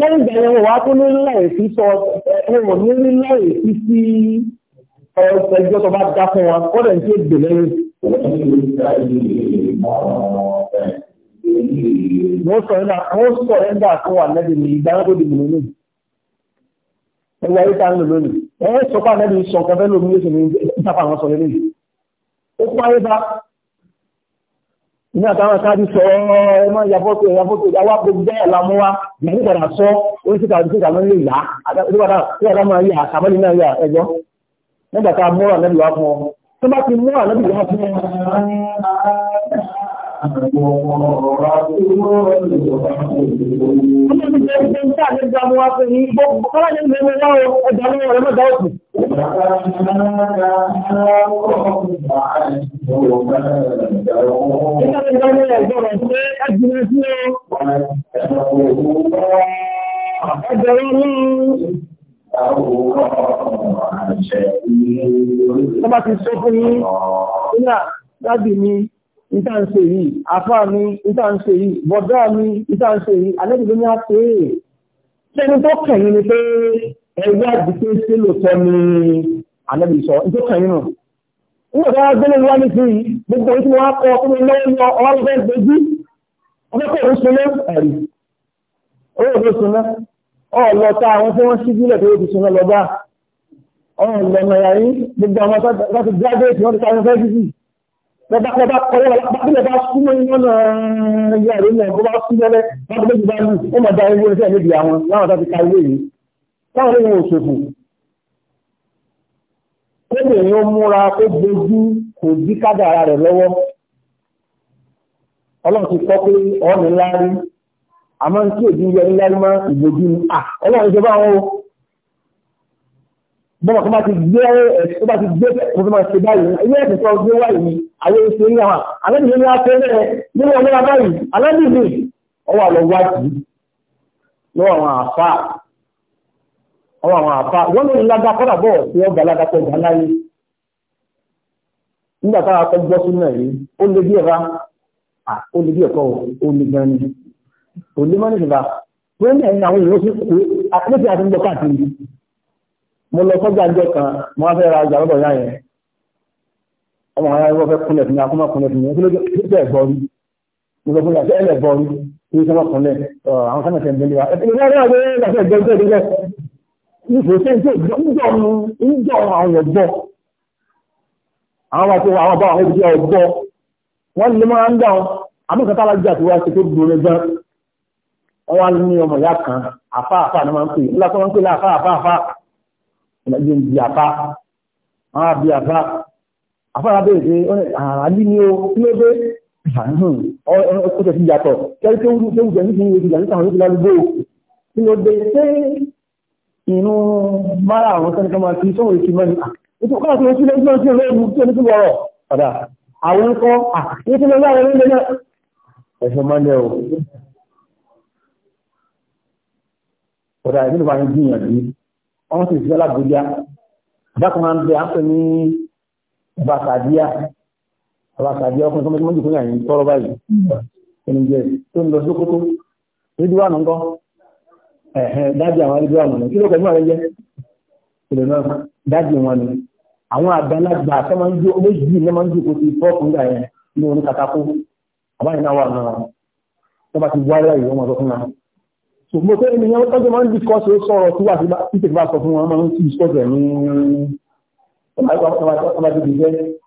lẹ́yìn ìgbà yẹn wà tó ní lẹ́ẹ̀sí sọ ẹ̀wọ̀n ní ní lẹ́ẹ̀sí sí ẹjọ́ tó bá dá fún wa kọ́dẹ̀ ń tí ó dè lẹ́yìn. wọ́n sọ ẹ̀dá tó wà lẹ́bi ní ìgbà tó di mìíràn lónìí. ẹwà yìí tá ń lò lónìí. ẹ̀ sọ pé àlẹ́bi sọ kẹfẹ́ lómi yóò sì ní ìtàkùn àwọn sọ lẹ́yìn. ó pààyè bá ní àtàwọn sáájú sọ ẹmọ ìyàfọ́tò ìyàfọ́tò ìyàwó àpòjúdá ìlàmúwá ìyàwó padà sọ oríṣìíkà oríṣìíkà ló lè yá àtàwọn ìyàwó máa yà àkàmọ́lì náà yà ẹ̀jọ́ nígbà tá a mú ànábìwá fún ọ tó bá ti mú ànábìwá fún ọ Ẹgbẹ̀rún ní Tọ́bá ti sọ fún yí, nígbà dábì ni ìtànṣe yìí afá mi ìtànṣe yìí bọ̀dá mi ìtànṣe yìí alẹ́bìbí ní àṣẹ ṣẹ́ni tó kẹ̀yìn ni pé ẹgbẹ́ àdìsẹ́ sí lòtọ́ ni alẹ́bìbí sọ ní tó kẹ̀yìn nù. nígbà tó wá gbélé wá ní fún yìí gbogbo orí tí wọ́n á kọ́ ọkọ́ mi lọ́wọ́ lọ ọwọ́ lọ́wọ́ gbèjú ọlọ́kọ̀ òun sunná ẹ̀rí owó òun sunná ọ̀lọ́ ta àwọn tí wọ́n ṣíjú bàbá bàbá kọwọ́ bàbá bá súnmọ́ lọ́nà ẹgbẹ́ rẹ̀ náà bó bá súnmọ́ lẹ́ bàbá méjì bá ọlọ́run ti kọ́ pé ọ̀ọ́nì ńlá rí àmọ́ tí òbí yẹ ńlá rí mọ́ ìgbòjú ni ọlọ́run ti bá wọn o. bọ́mọ̀ tó bá ti gbé tó bá ti gbé ọmọ ṣe báyìí ilé ẹ̀sìn tó gbé wáyìí ni àwọn oṣù ní àwọn ní nínú ọwọ́ àlọ́ wájú àwọn àfa ọwọ́ àwọn àfa wọ́n kọ́nà bọ̀ láyé nígbà kọ́ gbọ́ yìí ó bí ó bí ó gan ni ó mo lọ sọ́jà jẹ́ kan mo wá fẹ́ ra ọjà lọ́dọ̀ yá yẹn ọmọ àwọn ẹgbẹ́ fẹ́ kúnlẹ̀ fún mi akọ́mọ kúnlẹ̀ fún mi kí ló dé ẹ̀gbọ́ rí mo sọ fún yàtọ̀ ẹ̀ lẹ̀gbọ́ rí kí sọ́mọ kúnlẹ̀ àwọn sọ́mọ tẹ̀ ń bẹ́lẹ̀ wa ẹ̀sìn ìwé ọ̀rẹ́ àgbẹ̀ ẹ̀gbẹ́ ẹ̀gbẹ́ ẹ̀gbẹ́ nífẹ̀ẹ́ sí ìjọ ìjọ àwọn ọ̀gbọ́ àwọn àti àwọn àbá àwọn òbí ọ̀gbọ́ wọ́n lè máa ń dà wọn amúkàtà alájà tí wọ́n ti ni wọ́n máa ń pè é ńlá tó máa ń pè é ọ̀làjì ń di àfá àwọn àbí àfá àfára bèèrè pé àràlí ni ó lóde ó tẹ̀sí yàtọ̀ kẹ́rí tó wù tẹ̀sí ní ìwé ìgbà nípa àwọn ìgbà lóde tí mo dé pé inú mara àwọn sẹ́ni kan máa fi sọ́wọ́ ìkí mẹ́ni ètò kọ́lá tó ń sílẹ̀ ní ọjọ́ ìlú tí ó ní túbọ̀ rọ̀ padà àwọn ikọ́ àti ní láwọn ilé náà ẹ̀sẹ̀ máa lẹ́ o. Ọ̀dà ìdílé wa ń gbìyànjú wọ́n sì ṣiṣẹ́ lágbójá dákùn máa ń bẹ àpẹ ní bàtàdíà bàtàdíà ọkùnrin tó mẹ́tí mọ́jú fún yàyìn tọ́rọ báyìí ẹni jẹ tó ń lọ sókótó rídíwà nù ńkọ́ dájú àwọn rídíwà nù kí ló kẹ́mọ́ rẹ jẹ́ ìlẹ̀ náà dájú wọn ni àwọn àgbàlagbà tó máa ń jó méjì ní máa ń jó kó ti fọ́ọ̀kù ńgbà yẹn ní oníkatakó àbáyìí náà wà náà tó bá ti wáyà ìwọ́n mọ̀ so mo fẹ́ ènìyàn tọ́jú máa ń discourse ó sọ̀rọ̀ tí wà sí tèmi bá sọ fún wọn máa ń discourse ẹ̀ ní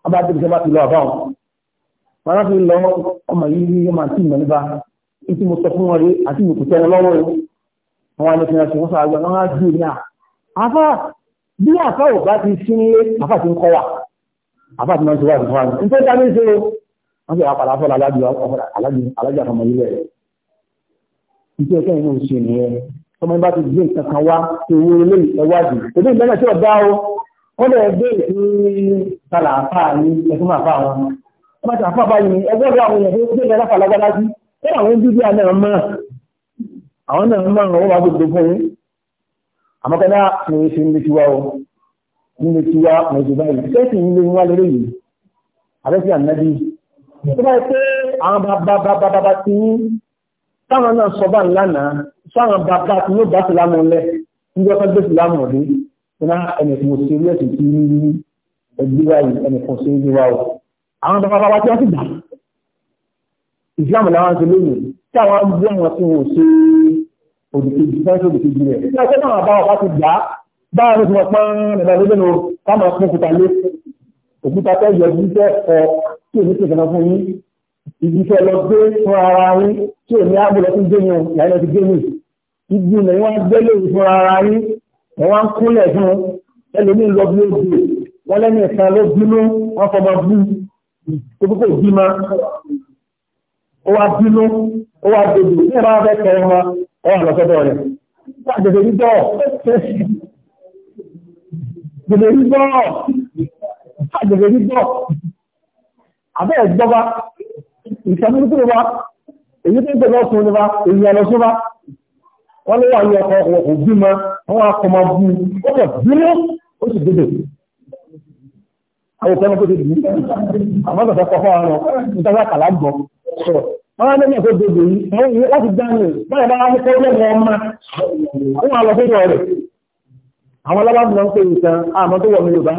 ọbájẹ́bíṣẹ́ bá ti lọ àbáwọn wọn láti lọ ọmọ yìí ọmọ àti ìmọ̀ nípa tí mo sọ fún wọn rí àti ìmọ̀ kò tẹ́ wọn lọ́wọ́ wọn wá ní fi hàn sí wọn sàgbà wọn á dì ní à àfà bí àfà ò bá ti sí nílé àfà ti ń kọ́ wà àfà ti máa ń ṣe wà fún wa nítorí ta ní ṣe wọn sì wá padà fọlá alájọ àfọmọ yìí bẹ̀rẹ̀ ìṣe ẹ̀kẹ́ yìí náà ṣe nìyẹn ọmọ yìí bá ti gbé nǹkan kan wá tó owó ilé ẹwádìí òbí ìgbẹ́ náà tí ọ̀dá o wọ́n lè gbé ìpín tala àfa ní ẹ̀fún àfa wọn wọ́n ti àfa báyìí ẹgbẹ́ ọ̀dọ́ àwọn èèyàn tó gbé ìgbẹ́ láfa lágbára sí bẹ́ẹ̀ àwọn bíbí àná mọ́ àwọn náà mọ́ àwọn wà gbogbo fún yín àmọ́ kẹ́ náà mo ṣe ń lè tiwa o ń lè tiwa mo ṣe báyìí ṣé sì ń lè wá lórí yìí àbẹ́sí ànábì tó bá yẹ pé àwọn bàbá bàbá bàbá ti yín táwọn náà sọ bá lánàá sáwọn bàbá tí yóò bá sílámù lẹ níjọ́ kan gbé sílámù rí iná ẹnì kan ṣe rí ẹ̀sìn tí ní ẹgbẹ́ wa yìí ẹnì kan ṣe rí wa o àwọn bàbá wa tí wọ́n ti gbà ìsìlámù làwọn ti lóyè táwọn bí àwọn tí wọ́n ṣe òdìkejì sáyẹ́nsì òdìkejì rẹ̀ ní ọjọ́ náà bá wà ti gbà báwọn ló ti wọ́n pọ́n nígbà lóde nù káwọn ọkùnrin òkúta lé òkúta tẹ́ yọ ìgbìfẹ́ lọ gbé fún ara yín tí ò ní àbúrò tó gbé ní òun ìyá ti gbé ní ìgbì ní wọ́n gbé lórí fún ara yín wọ́n kúnlẹ̀ fún ẹlòmí lọ bí ó gbé wọ́n lẹ́nu ìsan ló bínú wọ́n fọmọ bú tó kókò bí ma ó wá bínú ó wá dodo ní ẹ̀rọ afẹ́ kẹrin wọn ọ̀ wà lọ́sọ́dọ̀ rẹ̀ wọ́n àgbègbè rí bọ́ọ̀ gbègbè rí bọ́ọ̀ àgbègbè rí bọ́ọ̀ àbẹ́ ẹ̀gbọ́ba ìsàmúlùkù ló wá èyí tó ń tẹ̀lé ọ̀sùn ló wá èyí àlọ́ só wá wọ́n ló wà ní ọkọ̀ ọkọ̀ òbí ma wọ́n á kọ́ ma bú ó kọ̀ bínú ó sì dédè àwọn òkèèrè tó ti dì í àwọn ọ̀sẹ̀ kọ̀ fún àwọn ìtajà kàlá gbọ́ sọ wọ́n á ẹ̀kọ́ dédè yìí láti dání báyìí bá wọn kọ́ lẹ́nu ọmọ wọn lọ sí ìrọ̀ àwọn alábàbí náà ń pè é ìtàn àmọ́ tó wọ̀ mí Yorùbá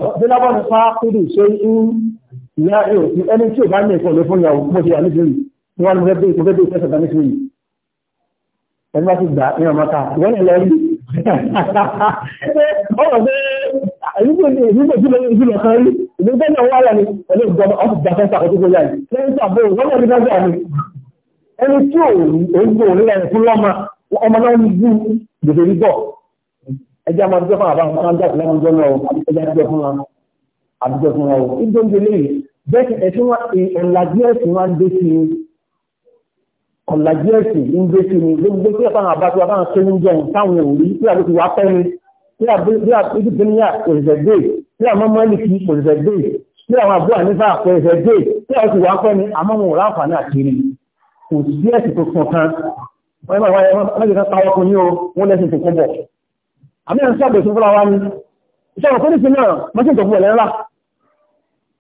ìyá yóò fi ẹni tí ò bá ní ìfọ̀lẹ́ fún ìyàwó mo ti wà nítorí tí wọ́n fẹ́ bẹ́ẹ̀ fẹ́ bẹ́ẹ̀ fẹ́ nítorí ẹni bá ti gbà ní ọmọ ká ìwọ́n ni lọ́rí ọ̀rọ̀ pé ìlúgbò tí lórí ìlú kan rí ìlú tó náà wà lẹ́nu pẹ̀lú ìjọba ọ̀sì ìjàfẹ́ sàkóso tó yà yìí lẹ́yìn tó àbẹ̀wò wọ́n lọ́rí lọ́jà ni ẹni tí ò rí oúnjẹ òun lẹ́yìn fún lọ́mọ ọmọ náà ń bú gbèsè rí bọ̀ ẹjẹ́ máa dúpẹ́ fún àbá àwọn ọmọ náà jáde lẹ́nu jọ́ náà àbíjọ́ fún wọn àbíjọ́ fún wọn bẹ́ẹ̀ ẹ̀sìn wa ọ̀làjú ẹ̀sìn wa ń dé sí ni ọ̀làjú ẹ̀sìn ń dé sí ni gbogbo tí ẹ̀fọn àbá tí wọ́n bá ń ké ní jẹun táwọn ò rí tí àbí ti wá pẹ́ ni tí àbí ti ní òṣìṣẹ́ dé tí àwọn mọ́lìkì òṣìṣẹ́ dé tí àwọn àbúrò ànífà òṣìṣẹ́ dé tí àwọn ti wá pẹ́ ni àmọ́ wọn ò ráǹfààní àkiri kò sí ẹ̀sìn tó kàn kan wọ́n yẹ máa wáyé ká táwọn ọkùnrin o wọ́n lẹ́sìn tó kọ́ bọ̀ àmì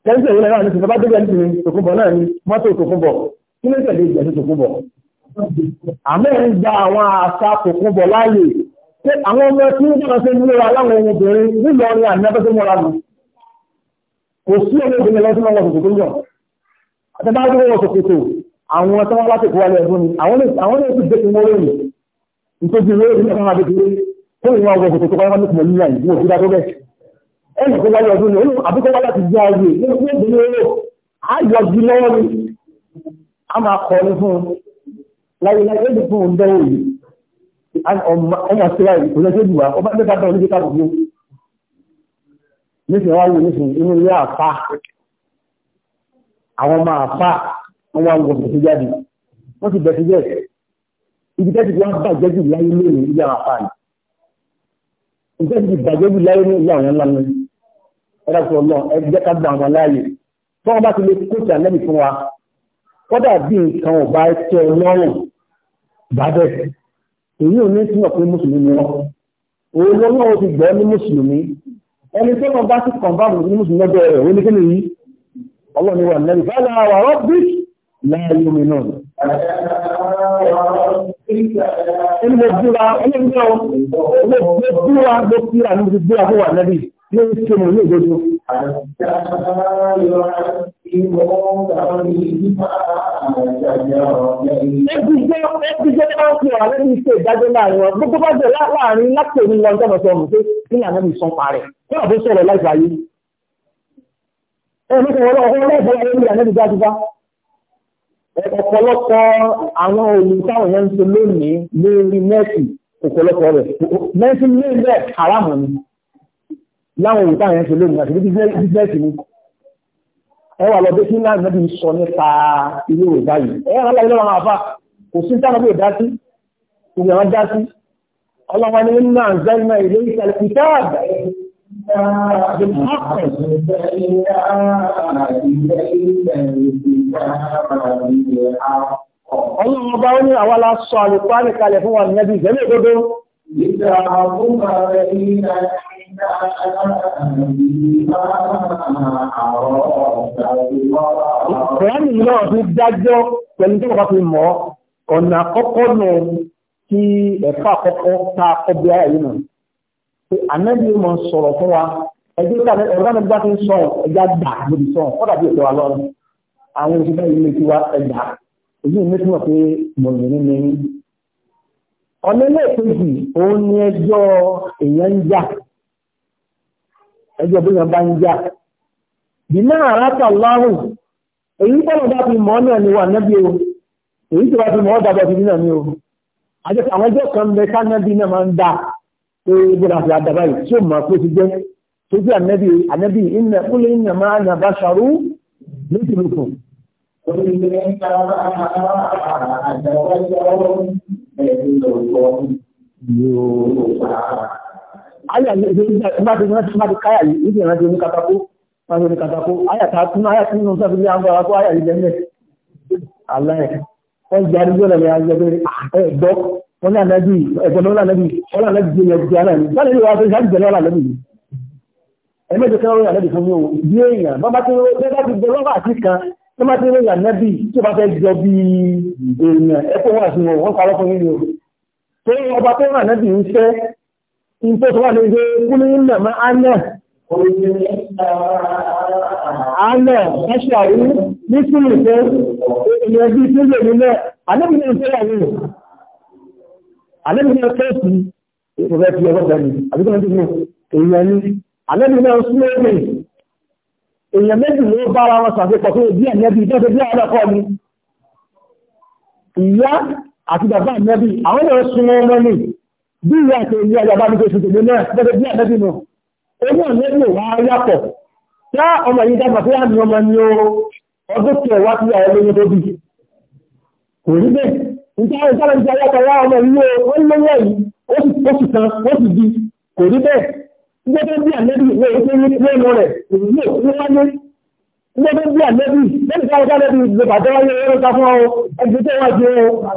kẹ́ńtẹ̀ ìwé náà ní ṣùgbọ́n bá dé bẹ́ẹ̀ ní tòkúnbọ̀ náà ní mọ́tò tòkúnbọ̀ kí ló tẹ̀lé ìjẹ́ sí tòkúnbọ̀ àmẹ́ ń gba àwọn àṣà tòkúnbọ̀ láàyè pé àwọn ọmọ tí ó dára sí nílò aláwọ̀ ohun obìnrin nílò ọrin àmì abẹ́sẹ̀ mọ́ra lọ kò sí ọmọ obìnrin lọ́sí lọ́wọ́ tòkòtò lọ àtẹ́bá tó wọ́n tòkòtò àwọn tó wọ́n láti kó wálé ẹ̀dún ni àwọn lè fi dẹ́kun wọ́n lónìí nítorí lórí nígbà tó wọ́n adé kéré kó ìwọ̀n ọgbọ̀n tòkòtò kọ́ ẹnì kó wáyé ọdún náà àbúkọ wá láti jẹ ayé nínú ìgbìmọ̀ èrò ayọ̀ jù lọ́wọ́ ni a máa kọ́ ní fún un láyé láyé ló fún un dẹ́wọ̀ yìí ọmọ àṣírà yìí kò lọ́sẹ̀ jùlọ ọba mẹ́ta bẹ́ẹ̀ oníjẹ́ káàkiri nísìnyí wá wò nísìnyí inú ilé àfa àwọn ọmọ àfa wọn wá ń gbọ́ bẹ̀sẹ̀ jáde wọ́n ti bàjẹ́ jù láyé lónìí ilé àwọn àfa yìí bàjẹ́ jù láyé ní ilé àwọn ńlá ẹ̀dàkùn ọlọ́run ẹgbẹ́ ká gbà wọn láàyè wọ́n bá ti lè kó tí fún wa kọ́dà bí nǹkan ọba tẹ́ lọ́rùn bá èyí ò ní sínú ọ̀pẹ mùsùlùmí wọn òun ló náà ti gbọ́ ní mùsùlùmí ẹni tí wọ́n bá ti kàn bá ní mùsùlùmí lọ́dọ̀ rẹ̀ ó ní kí nìyí ọlọ́run wà nẹ́bì fẹ́lẹ́ wà rọ́bì láàyè omi náà ló ń ṣe mọ̀ ní òdodo. Ẹgbẹ́ máa ń fi hàn lẹ́nu iṣẹ́ ìdájọ́ láàrin wọn. Gbogbo bá jẹ́ láàrin láti òní lọ ọjọ́ ọ̀sán ọ̀hún pé kí ni àná mi sọ pa rẹ̀. Bí wọ́n fi sọ̀rọ̀ Ọ̀pọ̀lọpọ̀ àwọn òòlù yẹn ń ṣe lónìí lórí mẹ́ẹ̀sì ọ̀pọ̀lọpọ̀ rẹ̀. Mẹ́ẹ̀sì lónìí bẹ́ẹ̀ haramu ni láwọn òwúta yẹn ṣe lónìí àti bísẹ́ẹ̀sì ni ẹ wà lọ bí kí náà nàbí sọ nípa ilé ìwé báyìí ẹ yàrá láyé lọ́wọ́ àfà kò sí sáà nàbí ìdá sí ìgbà wọn dá sí ọlọ́wọ́ ni nínú àǹzẹ́lẹ̀ ilé ìṣẹ̀lẹ̀ ìṣẹ́ àgbà Ọlọ́run ọba ó ní àwọn aláṣọ àlùkò àlùkalẹ̀ fún wa nẹ́bí ìṣẹ́lẹ̀ òdodo. Ìjọba fún àwọn ẹ̀yìn náà Ìfẹ́ni náà fi dájọ́ pẹ̀lú tí wọ́n bá fi mọ̀ ọ̀nà àkọ́kọ́ náà kí ẹ̀fà àkọ́kọ́ ta ọbí ara yìí nà. Ànábì mọ̀ sọ̀rọ̀ fún wa, ẹgbẹ́ ìtàlẹ̀ ọ̀gá náà bá fi ń sọ ẹja gbà lórí sọ, ó dàbí ètò wa lọ́rùn. Àwọn òṣìṣẹ́ ilé ti wá ẹgbà. Èyí ní tí wọ́n fi mọ̀ ní ní ọ̀nà ilé ìkejì òun ni ẹjọ́ èèyàn ń jà ẹjọ́ bí wọ́n bá ń jà. Bìnà àràtà lọ́rùn, èyí tọ́lọ̀ bá fi mọ́ náà ni wà nábì o, èyí tí wà fi mọ́ dàbọ̀ sí náà ni o. Àjọ àwọn ẹjọ́ kan bẹ kánábì náà máa ń dà pé gbọ́dọ̀ àti àdàbà yìí tí ó mọ̀ pé ti jẹ́. Tójú ànábì ànábì ìnà kúlẹ̀ ìnà máa nà bá ṣàrú lóṣùlùkù. Yóò àyà nígbà tí wọ́n ti máa ti káyà yìí nígbà ìrántí oní katako máa ní katako àyà tá a tún àyà tún nínú sábìlì àwọn ọ̀rọ̀ kó àyà yìí lẹ́lẹ̀ aláì wọ́n jẹ́ arúgbó rẹ̀ yà jẹ́ pé ah, ẹ̀dọ́ wọ́n ní ànábì ẹ̀gbọ́n náà ànábì wọ́n náà ànábì yẹn o tó ọba tó tó wà ní ìgbé kúlú ilẹ̀ mọ́ ánẹ̀ ánẹ̀ ẹ̀ṣàrí ní sílù pé ilẹ̀ bí tí lè nílẹ̀ alẹ́bìnrin tó yà nínú alẹ́bìnrin tó sí ìrọ̀rẹ́ fi ọgọ́gbẹ̀ ni àbíkọ́ ní èèyàn ní alẹ́bìnrin sí ẹgbẹ̀ èèyàn méjì ló bára wọn sàfẹ́kọ̀ tó bí ẹ̀nẹ́bí tó bí ọlọ́kọ́ ni ìyá àti bàbá ẹ̀nẹ́bí àwọn ẹ̀rọ súnmọ́ mọ́ bí ìyá àti ìyá ọjà bá ní kó ṣùgbọ́n ní náà gẹ́gẹ́ bí àtẹ́bí nù owó àlẹ́bí wà á yàpọ̀ tá ọmọ yìí dàgbà fún àmì ọmọ ní ọdún tó wá sí àwọn olóyún tó bí kò rí bẹ́ẹ̀ níta àwọn ìjọba ti ayọ́kọ̀ wá ọmọ yìí ó ń lóyún ẹ̀yìn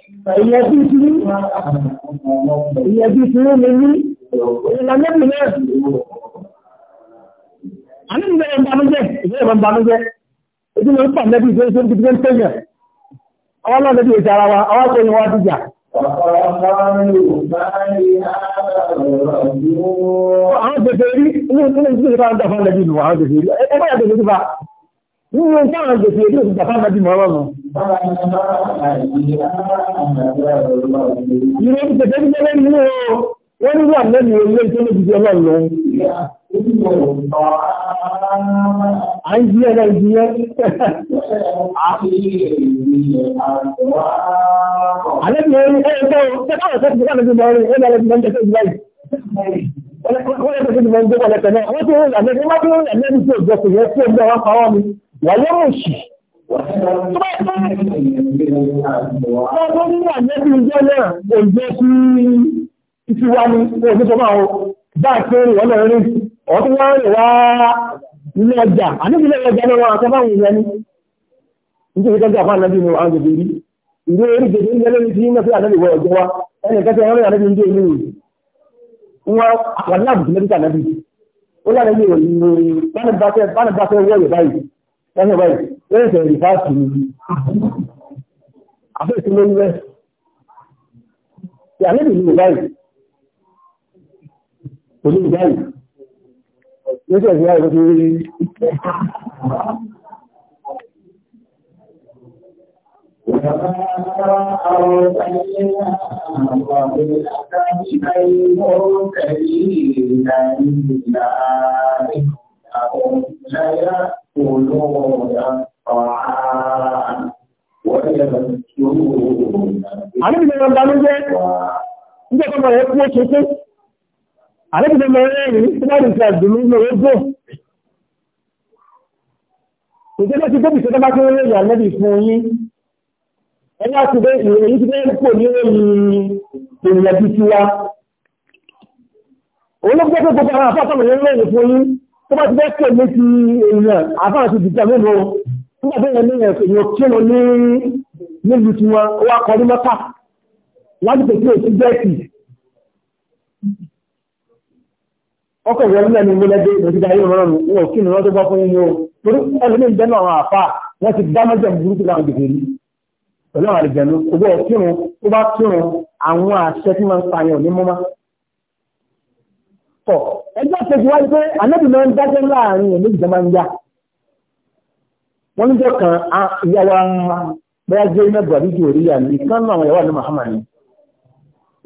ìyẹn bí ti ní ìyẹn bí ti ní ní ìlànà bí náà àní ìgbẹ́ ẹ̀ ń banújẹ́ ìgbẹ́ ẹ̀ ń banújẹ́ ojú ló ń pa nẹ́bí ìgbẹ́ ìgbẹ́ ìgbẹ́ ìgbẹ́ àwọn náà nẹ́bí ìjà ara wa àwọn kò ní wá dìjà. Àwọn gbèsè rí inú ìpínlẹ̀ ìpínlẹ̀ ìpínlẹ̀ ìpínlẹ̀ ìpínlẹ̀ ìpínlẹ̀ ìpínlẹ̀ ìpínlẹ̀ nínú ẹjọ́ àwọn gbèsè èdè òsìgbà fáwọn ọmọdé mọ́ ọlọ́run ìrìn ìpèsè ní gẹ́gẹ́ nínú wọ́n nílò àmẹ́lì orílẹ̀ tó lè jùlọ ọlọ́run à ń jíẹ́ náà jíẹ́ àlẹ́bí orí ẹ̀ẹ́dọ́ tẹ́kọ̀ọ́ tẹ́kọ̀ọ́ tẹ́kọ̀ọ́ tẹ́kọ̀ọ́ tẹ́kọ̀ọ́ tẹ́kọ̀ọ́ Wọ́n lẹ́pẹ̀ẹ́ tó ti mọ́ ń gbé wọ́n lẹ́pẹ̀ẹ́ náà. Wọ́n tó ń rìn àmẹ́rin tó jọ kò yẹ kí ó gbọ́ wọn pa wọ́n mi wáyé mọ̀ṣì tó bá yẹ pé wọ́n ní àjẹ́bí ìjọ náà kò jẹ́ sí ti wá ní oṣù tó máa bá ṣe ń wọ́n lọ rí ọ̀tún wọ́n rẹ̀ wá ilé ọjà àníbi ilé ọjà náà wọ́n akẹ́fà wọ̀nyí ẹni nítorí kẹ́kẹ́ àfáà náà bí mo àwọn gbèdé rí ìwé orí gbèdé ní ẹlẹ́yìn tí yíyan sí ànábì wọ ọjọ́ wa ẹnì kẹ́kẹ́ wọn rẹ̀ ànábì ń dé ilé rẹ̀ wọn àkàlà àbùkù mẹ́ríkà ànábì ó lálẹ́ yìí ròyìn ròyìn bá lọ́sọ̀ báyìí lẹ́yìn ìṣẹ̀lẹ̀ ìfáàsì ni àfẹ́sí ló ń rẹ̀ tí a níbi ìlú báyìí kò ní ìbáyìí ní ṣe ìṣẹ̀lẹ̀ ìwọ̀n tó rí Àwọn Àrẹ́bìnrin ọ̀dá ló jẹ́ nígbẹ́ tó mọ̀ ẹ̀kú oṣù tó. Àrẹ́bìnrin mọ̀ ẹ̀rìn tí wọ́n rìn kẹ́ẹ̀dù ní ilé ẹgbẹ́. Ìjẹ́lẹ́ ti tóbi ṣẹ́gbá tí tó bá ti bẹ́ kí èmi ti èèyàn àfáà ti dìjà mẹ́lò nígbà tó yẹ ní èèyàn kí ló ní nílùú tí wọn wá kọ ní mọ́ta láti pèsè èsì jẹ́ẹ̀kì ọkọ̀ ìwọ̀n nílẹ̀ ní ìgbélẹ́dé ìgbésídá yóò rọrùn wọn kí ni wọ́n tó bá fún yín o torí ẹlẹ́mí ń dẹnu àwọn àfáà wọ́n ti dá mọ́jẹ̀ burúkú láwọn dìbò yìí pẹ̀lú àwọn àlìjẹ̀nu owó ọ̀kírun tó bá kírun àwọn àṣẹ tí wọ́n ń pààyàn ní mọ́mọ́ kejì wáyé pé anábì máa ń dájẹ́ láàrin ẹ̀ méjì tó máa ń yá wọ́n níjọ́ kan ìyàwó bẹ́ẹ̀ jẹ́ iná bàbí ju òrí yà ní kan náà àwọn ìyàwó àná Muhammad ni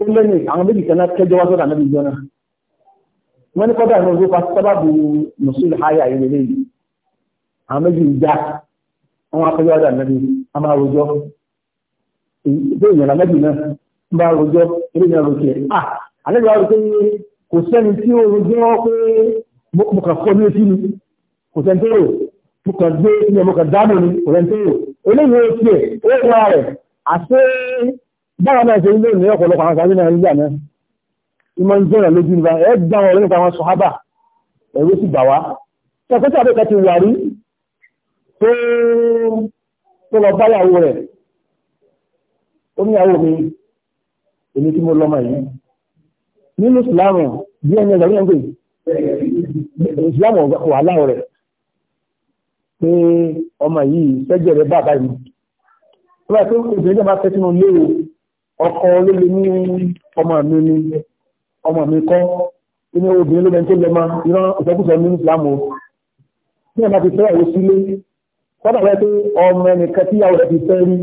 ó lẹ́nu àwọn méjì kan náà kẹjọ wá sọ́dọ̀ anábì jọ́nà wọ́n ní kọ́dà ìmọ̀ ìwé pàṣẹ sábàbù mùsùl háyà ilé lè àwọn méjì ń já àwọn akọ́jọ́ ọ̀dà anábì a máa rojọ́ ìgbé ìyànà anábì náà ń bá rojọ́ ilé ìyànà ah anábì wá kò sẹ́ni tí ó rojọ́ pé mo kà ní etí ni kò sẹ́ni tó rò gbé ní ọmọ kà ni kò sẹ́ni tó rò eléyìí ó tiẹ̀ ó wà rẹ̀ àṣé báwa náà ṣe ilé ìlú ọ̀pọ̀lọpọ̀ àwọn sàbí náà nígbà náà ìmọ̀ ń jẹ́ràn lójú nípa ẹ̀ gbà wọn nípa àwọn sọ̀hábà ẹ̀rú sì bà wá ṣàkóso àbẹ́kẹ́ ti wà rí tó lọ báyàwó rẹ̀ ó níyàwó mi èmi tí mo lọ́mọ yìí nínú ìsìláàmù bí ẹni ẹgbẹ̀rún ẹgbẹ̀rún ẹgbẹ̀rún ìsìláàmù wà láwọ̀ rẹ̀ pé ọmọ yìí sẹ́jẹ̀ rẹ̀ bàbá yìí tó bá tó obìnrin náà bá fẹ́ sínú ilé ọkọ olóle ní ọmọ mi ní ọmọ mi kọ́ inú obìnrin ló bẹni tó ìran ìfẹ́kùsọ nínú ìsìláàmù ní ọmọ ti fẹ́ àwọn sílé kọ́dà wẹ́ pé ọmọ ẹnìkan tíyàwó rẹ̀ ti fẹ́ rí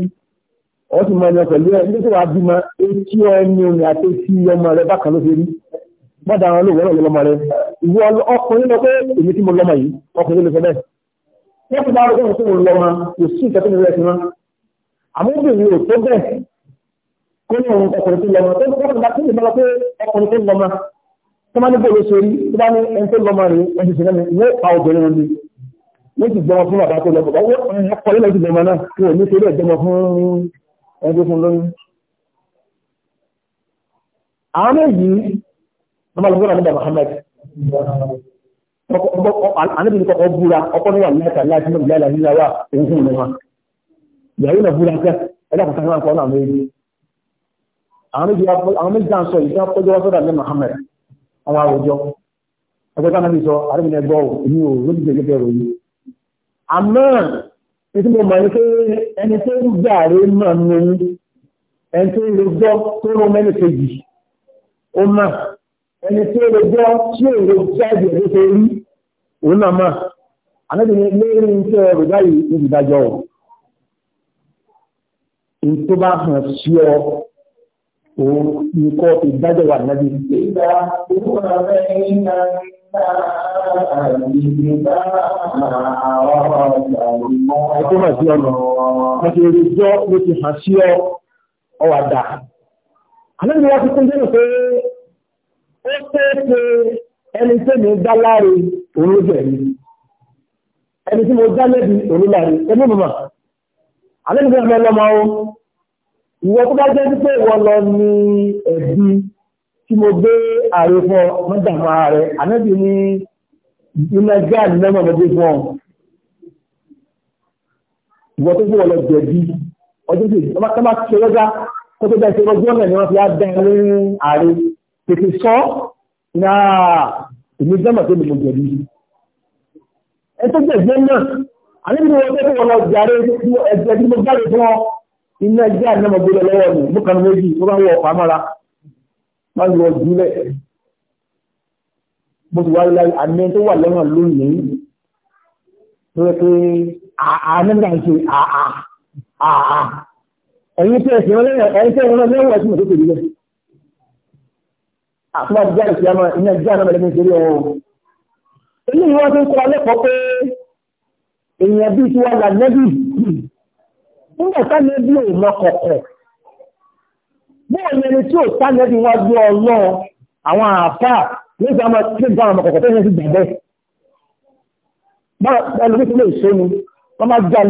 wọ́n ti mọ ẹni pẹ̀lú ẹ nígbà tí wàá bímọ etí ẹni omi àti etí ọmọ rẹ bákan ló ṣe rí gbọ́dọ̀ àwọn olóògbé náà lọ́mọ rẹ ìwọ ọkùnrin lọ pé èmi tí mo lọ́mọ yìí ọkùnrin ló sọ bẹ́ẹ̀ wọ́n ti bá ọdún tó ń lọ́mọ kò sí ìtẹ́tí mi rẹ̀ sí wọn àmúbìnrin ò tó bẹ́ẹ̀ kó ní òun ọkùnrin tó lọ́mọ tó ń bá ọkùnrin tó lọ́mọ pé ọkùnrin tó lọ́mọ tó máa ní bó ló ṣe rí tó bá ní ẹni tó lọ́mọ rẹ̀ ẹni tó ṣe lẹ́nu wọ́n pa obìnrin wọn ni wọ́n ti gbọmọ fún bàbá tó lọ́mọ ẹni tó fún lóyún. àwọn méjì lọ́mọ lọ́gbọ́n náà nígbà Muhammad àníbi ní kọ́kọ́ búra ọkọ́ níwà mẹ́ta láti mọ́ ìlàlá nílá wà òun ní wa ìyàwó náà búra pẹ́ ẹlẹ́kùn kan náà kọ́ náà méjì àwọn méjì náà sọ ìjọ pẹ́jọ́ Muhammad àwọn àwùjọ ẹgbẹ́ kan náà sọ àríbi ní ẹgbọ́ òní òun ló ti jẹ́ Ìtí mo mọ̀ ní pé ẹni tó ń gbàre náà ní ẹni tó lè gbọ́ tó rún mẹ́lì kejì. Ó mà ẹni tó lè gbọ́ tí ò lè jáde ló ṣe rí òun náà mà. Àlejò ni lórí iṣẹ́ ọ̀rọ̀ báyìí ní ọ̀. Ìyí tó bá hàn sí ọ òun ni kọ́ ìdájọ́ wà nábì. Ìgbà òun ọ̀rẹ́ yín náà. Ẹgbẹ́ máa sí ọ̀nà, wọ́n ti rí jọ́ ló ti hàn sí ọ ọwà dà. Àlẹ́bí wá ti kún jẹ́ pé ó tẹ́ẹ̀tẹ́ ẹni tẹ́ mi dá láre orúgbẹ̀ mi. Ẹni tí mo dá lẹ́bi orúláre, ẹgbẹ́ tí mo gbé ààrẹ fún ọ mọ́dàmú ààrẹ ànábì ní iná gáàdì náà mọ̀mọ́dé fún ọ ìwọ tó fún ọlọ jẹ̀bi ọdún tó ọba tó bá ṣe lọ́jà kó tó bá ṣe lọ́jọ́ ọ̀nà ni wọ́n fi á dá ní ààrẹ tètè sọ náà èmi gbọ́mọ tó lè mọ jẹ̀bi ẹ tó jẹ̀bi náà ànábì ní wọ́n tó fún ọlọ jàre ẹ̀jẹ̀ tí mo jáde fún ọ iná gáàdì náà má lọ jùlẹ̀ bó ti wáyé láyé àmì tó wà lẹ́wọ̀n lónìí tó yẹ pé àà nígbà ń ṣe àà àà ẹ̀yin tẹ́ ẹ̀sìn wọn lẹ́yìn ẹ̀yin tẹ́ ẹ̀yin wọn lẹ́wọ̀n ẹ̀sìn tó tẹ̀lé àtúbà ti jáde sí àmọ́ iná ìjà náà lẹ́gbẹ̀ẹ́ ìṣeré ọ̀hún eléyìí wọ́n ti bóòlù ẹni tí ò sánẹ́bí wá gbé ọlọ́run àwọn àáfàá ní ìgbàmọ̀ tí ìgbàmọ̀ kọ̀kọ̀ tó ń fi gbàgbẹ́ ẹni tó lè ṣe ni wọ́n máa wọ́n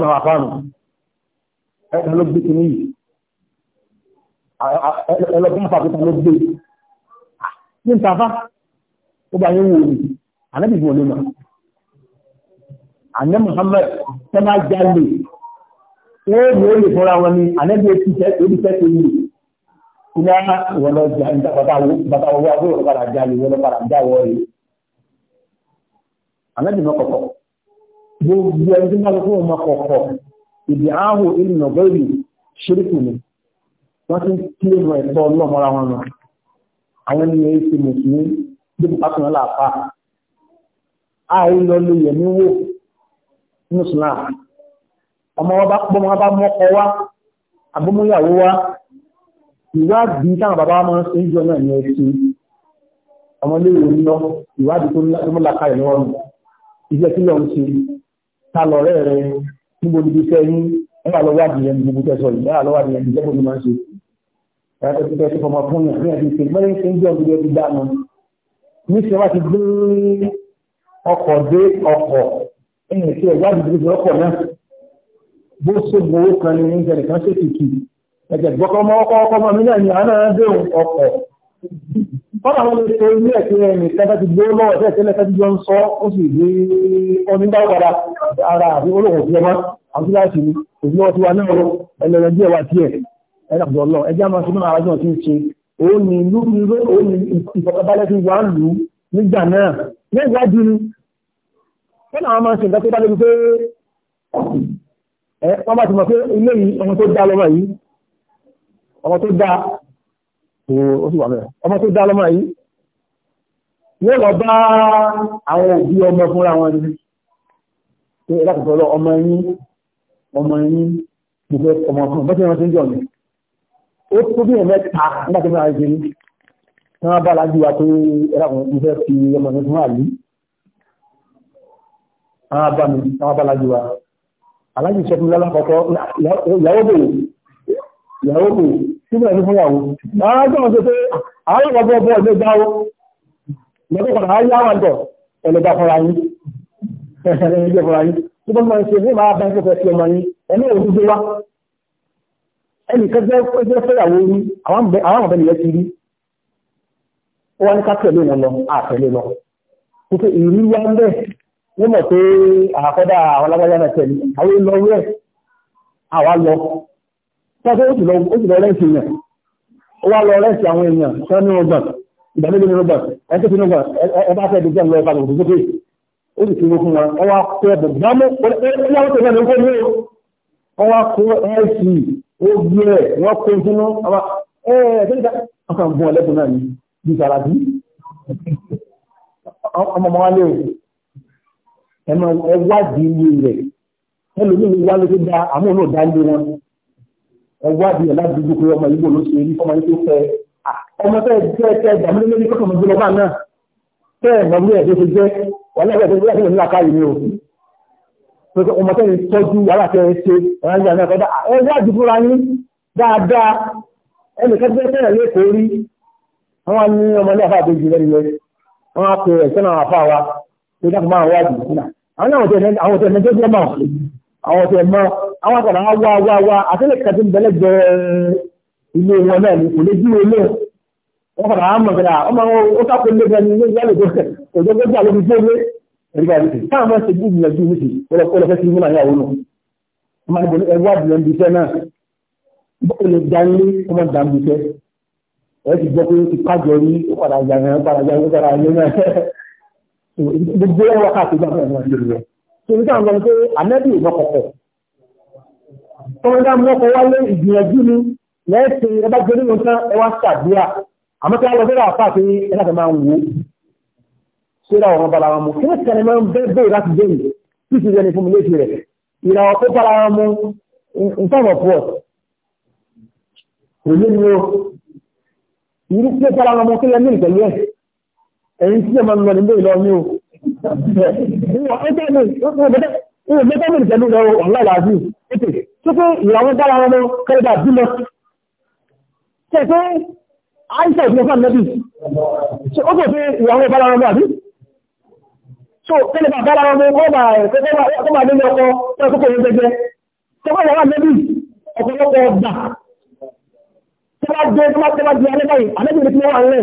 máa wọ́n lọ́dọ̀ nù wọ́n ó lórí ìfúnra wọn ni ànẹ́bí etí tẹ́ orí tẹ́ tó yìí iná wọn lọ jà níta bàtà owó agbóhùn lọ padà já lè wọn lọ padà já wọ rè ànẹ́bí mọ kọ̀kọ̀ gbogbo ẹni tí wọ́n lọ fún ọmọ kọ̀kọ̀ ìdí ààhù ìlú nọ̀gọ́rì ṣíríkù ni wọ́n ti ń kílè mọ ẹ̀tọ́ ọlọ́mọra wọn nù àwọn ènìyàn èsì mùsùlùmí dípò pàtàkì láàpá àìlọ́lẹ̀ yẹ̀mí wò mùsùlùmí ọmọ wọn bá pọ́ wọn bá mọ́kọ wá agbómúyàwó wá ìwádìí táwọn bàbá wọn máa ń ṣe ń jọ náà ní ẹsẹ ọmọléèwé ń lọ ìwádìí tó múlá kalẹ̀ lọ́rùn iṣẹ́ tí lọ́n ṣe ta lọ́rẹ́ rẹ níbo níbi iṣẹ́ yín nígbà lọ́wọ́ àdìyẹ ní gbogbo tẹ̀sọ̀ yìí nígbà lọ́wọ́ àdìyẹ ní ìjẹ́bù ni máa ń ṣe ẹ̀rọ tó tẹ̀sí gbogbo ẹbí dáná bó ṣe gbowó kan ní oúnjẹ nìkan ṣe kìkì ẹ̀jẹ̀ gbọ́kọ́mọ́ ọkọ̀ ọkọ̀ ọmọ mi náà ni àwọn náà dé ọkọ̀ fọ́nà wọn lè ṣe ilé ẹ̀kẹ́ ẹ̀mí kẹta ti gbé lọ́wọ́ ẹ̀ṣẹ́ ìṣẹ́lẹ̀ kẹta jọ ń sọ ó sì gbé onígbàgbàdà ara àbí olóòwò tí ẹ má àti láti ní òbí lọ́wọ́ tí wà náà lọ ẹlẹ́rẹ̀ díẹ̀ wà tiẹ̀ ẹ̀rọ àbúrò lọ ẹjẹ́ àmọ́ sínú ara náà ti ń ṣe òun ni ìlú ìwé òun ni ìfọ̀kànbalẹ̀ ti wà ń lù ú nígbà náà ní ìwádìí ni fọ́nà wọn máa ṣe nǹkan wọ́n bá ti mọ̀ pé ilé yìí ọmọ tó dá lọ́mọ yìí ọmọ tó dá ó sì wà mẹ́rin ọmọ tó dá lọ́mọ yìí yóò lọ bá àwọn òbí ọmọ fúnra wọn ni pé ẹlẹ́kọ̀ọ́ lọ ọmọ yín ọmọ yín gbogbo ọmọ fún bọ́sẹ̀ wọn ti ń jọ mi ó tó bí ẹ̀mẹ́ta nígbà tó máa ń ṣe ní tí wọ́n bá lájú wa pé ẹlẹ́kọ̀ọ́ mo fẹ́ fi ọmọ aláàjì sọ fún mi lálàkọ̀kọ́ ìyàwó bò ìyàwó bò síbẹ̀ ní fúnyàwó ara tó wọn sọ pé alákọ̀ọ́bọ̀ bọ̀ ilé gbáwó lọ́tọ̀ kọ̀dà ayé àwọn àtọ̀ ẹlẹ́gbà fúnra yín ẹlẹ́gbà fúnra yín tí wọ́n máa ń ṣe ní máa bá ń fẹ́ fi ọmọ yín ẹni ò dúdú wá ẹnì kẹfẹ́ ẹgbẹ́ fẹ́yàwó rí àwọn ọ̀bẹ nìyẹn ti rí ó wá ní ká tẹ̀lé wọn lọ àtẹ̀lé lọ wọ́n mọ̀ pé àkọ́dá àwọn alágbájá náà tẹ̀lé àwọn ìlọ rẹ̀ àwa lọ tọ́jú ó sì lọ rẹ́ǹsì èèyàn ó wá lọ rẹ́ǹsì àwọn èèyàn tó ní ọgbọ̀n ìdánilé ní ọgbọ̀n ẹjọ́ tí ọgbọ̀n ẹbá fẹ́ dìjẹ́ lọ ìbàdàn òdòdó pé ó sì kúrò fún wọn wọ́n wá kó ẹbọ̀ gbámú ìyàwó tó fẹ́ lóko ní wọ́n wá kó ẹ̀sì ogbé ẹ̀ wọ́n kó sínú ọkàn bọ̀ ọlẹ́bùn náà ní bí sàràbí ọmọ wọn lé ẹ máa ẹ wádìí ilé rẹ̀ ẹlòmíì wá ló tó dá àmọ́ náà dá lé wọn ẹ wádìí ẹ̀ láti dúdú pé ọmọ ìgbò ló ṣe rí fọmọ yìí tó fẹ́ ọmọ tẹ́ ẹ tẹ́ ẹ dàmú lórí kọ́kọ́ mọ́ gbọ́dọ̀ máa náà tẹ́ ẹ mọ̀mú ẹ̀ tó ṣe jẹ́ wàhálà ẹ̀ tó ṣe láti nílá káyì ni o pẹ̀lú ọmọ tẹ́ ẹ tọ́jú wàhálà tẹ́ ẹ ṣe ẹ̀rọ náà kọ́dá ẹ wádìí fúnra yín dáadáa ẹnìkan tẹ́ ẹ lẹ́kọ̀ọ́ rí àwọn ní ọmọ ilé àfáà tó jù lẹ́nu lẹ́nu wọn á pe ẹ̀sẹ̀ náà àfáà wa tó àwọn àwọn ọ̀tẹ̀ ẹ̀mẹ́jọ́ jẹ́ máa àwọn ọ̀tẹ̀ ẹ̀mọ́ àwọn àpàdà wá wá wá àtẹ́lẹ̀ kẹtí bẹ̀lẹ̀ jẹ́ ilé wọn náà ní kò lè jí ilé wọn padà á mọ̀ gbẹ̀dà ọmọ ó kápò lé bẹ́ẹ̀ ní ilé ìyálò tó kẹjọ gbẹ́jọ àlọ́ fi gbé ẹ̀ríkà ní sèkí táwọn máa ń ṣèjú ìgbìyànjú ní sèkí ọlọ́fẹ́ sí nínú àyàwó náà ọmọ àgbẹ̀ ẹwà ìgbìyànjú iṣẹ́ náà ó lè dá ilé ọmọ dàmbù iṣẹ́ ẹ̀ ti gbọ́ pé ó ti kájọ rí ó padà yàrá padà yàrá padà gbogbo ẹwà káàkiri àwọn ọmọ ìlú rẹ̀ tó ní káàkiri pé anẹ́bì ìmọ̀kọ̀kọ̀ tọ́wọ́dá mọ́kọ̀ wáyé ìgbìyànjú ni lẹ́ẹ̀sìn ẹbá gbẹ́rẹ́ wọn tán ẹwà sàdúrà àmọ́ tí a lọ sọ́dọ̀ àpá àti ẹ̀ka tó máa ń wo sórí àwọn ọmọ balawọn mu kí wọ́n kẹ́ni máa ń bẹ́ẹ̀ bẹ́ẹ̀ láti dé yìí tí ti rẹ̀ ní fún mi léṣe rẹ̀ ìràwọ̀ tó balawọn mu nǹkan ọ̀pọ̀ òye ni ó irú pé balawọn mu kí lẹ́mí ìtẹ̀lẹ́ ẹ̀yìn tí ẹ̀mà lọ nílé ìlọ ní o mẹ́tẹ́mìrì pẹ̀lú lọ ọ̀láìláàfíì ètè tó pé ìyàwó dára wọn kẹ́lẹ́dà bímọ tẹ́ pé àìsàn ìpínlẹ̀ fún àmì ṣe ó pèsè ìyàwó dára wọn àbí so kẹ́lẹ́dà dára wọn ó bà ẹ̀kọ́ bà nílé ọkọ tó ẹ̀kọ́ pẹ̀lú jẹjẹ tó bá yàrá mẹ́bí ọ̀pọ̀lọpọ̀ gbà tó bá jẹ́ tó bá jẹ́ alẹ́ báyìí alẹ́bìnrin tí wọ́n wà ń lẹ́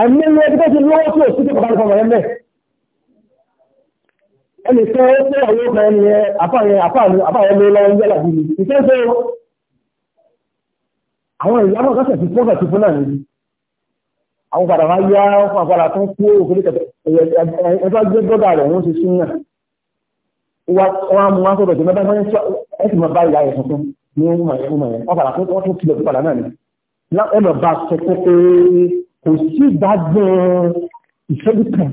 àìmọ́lẹ́ ẹgbẹ́ tó ti lọ́wọ́ tí ò sí kíkọ̀ bára fọmọ̀ ẹgbẹ́ ẹni tó ó tẹ́ àwọn ọkọ̀ ẹni ẹ àfáàyàn àfáàyàn ló lọ́wọ́ ń jẹ́là bí ìṣẹ́ tó àwọn ìyàwó kọ́sẹ̀ ti pọ́sẹ̀ ti fún náà níbi àwọn padà wá yá fún àpàdà tó ń kú òkèlè kẹtẹ ẹgbẹ́ gbé gbọ́dà rẹ̀ wọ́n ti sún náà wọ́n á mú wọn sọ̀rọ̀ jùlọ báyìí wọ́n ti mọ̀ bá ìyá rẹ̀ tuntun ní ọmọ yẹn wọ́n padà tó tún kílọ̀ padà náà ni kò sí ìdájọ́ ìṣẹ́jú kan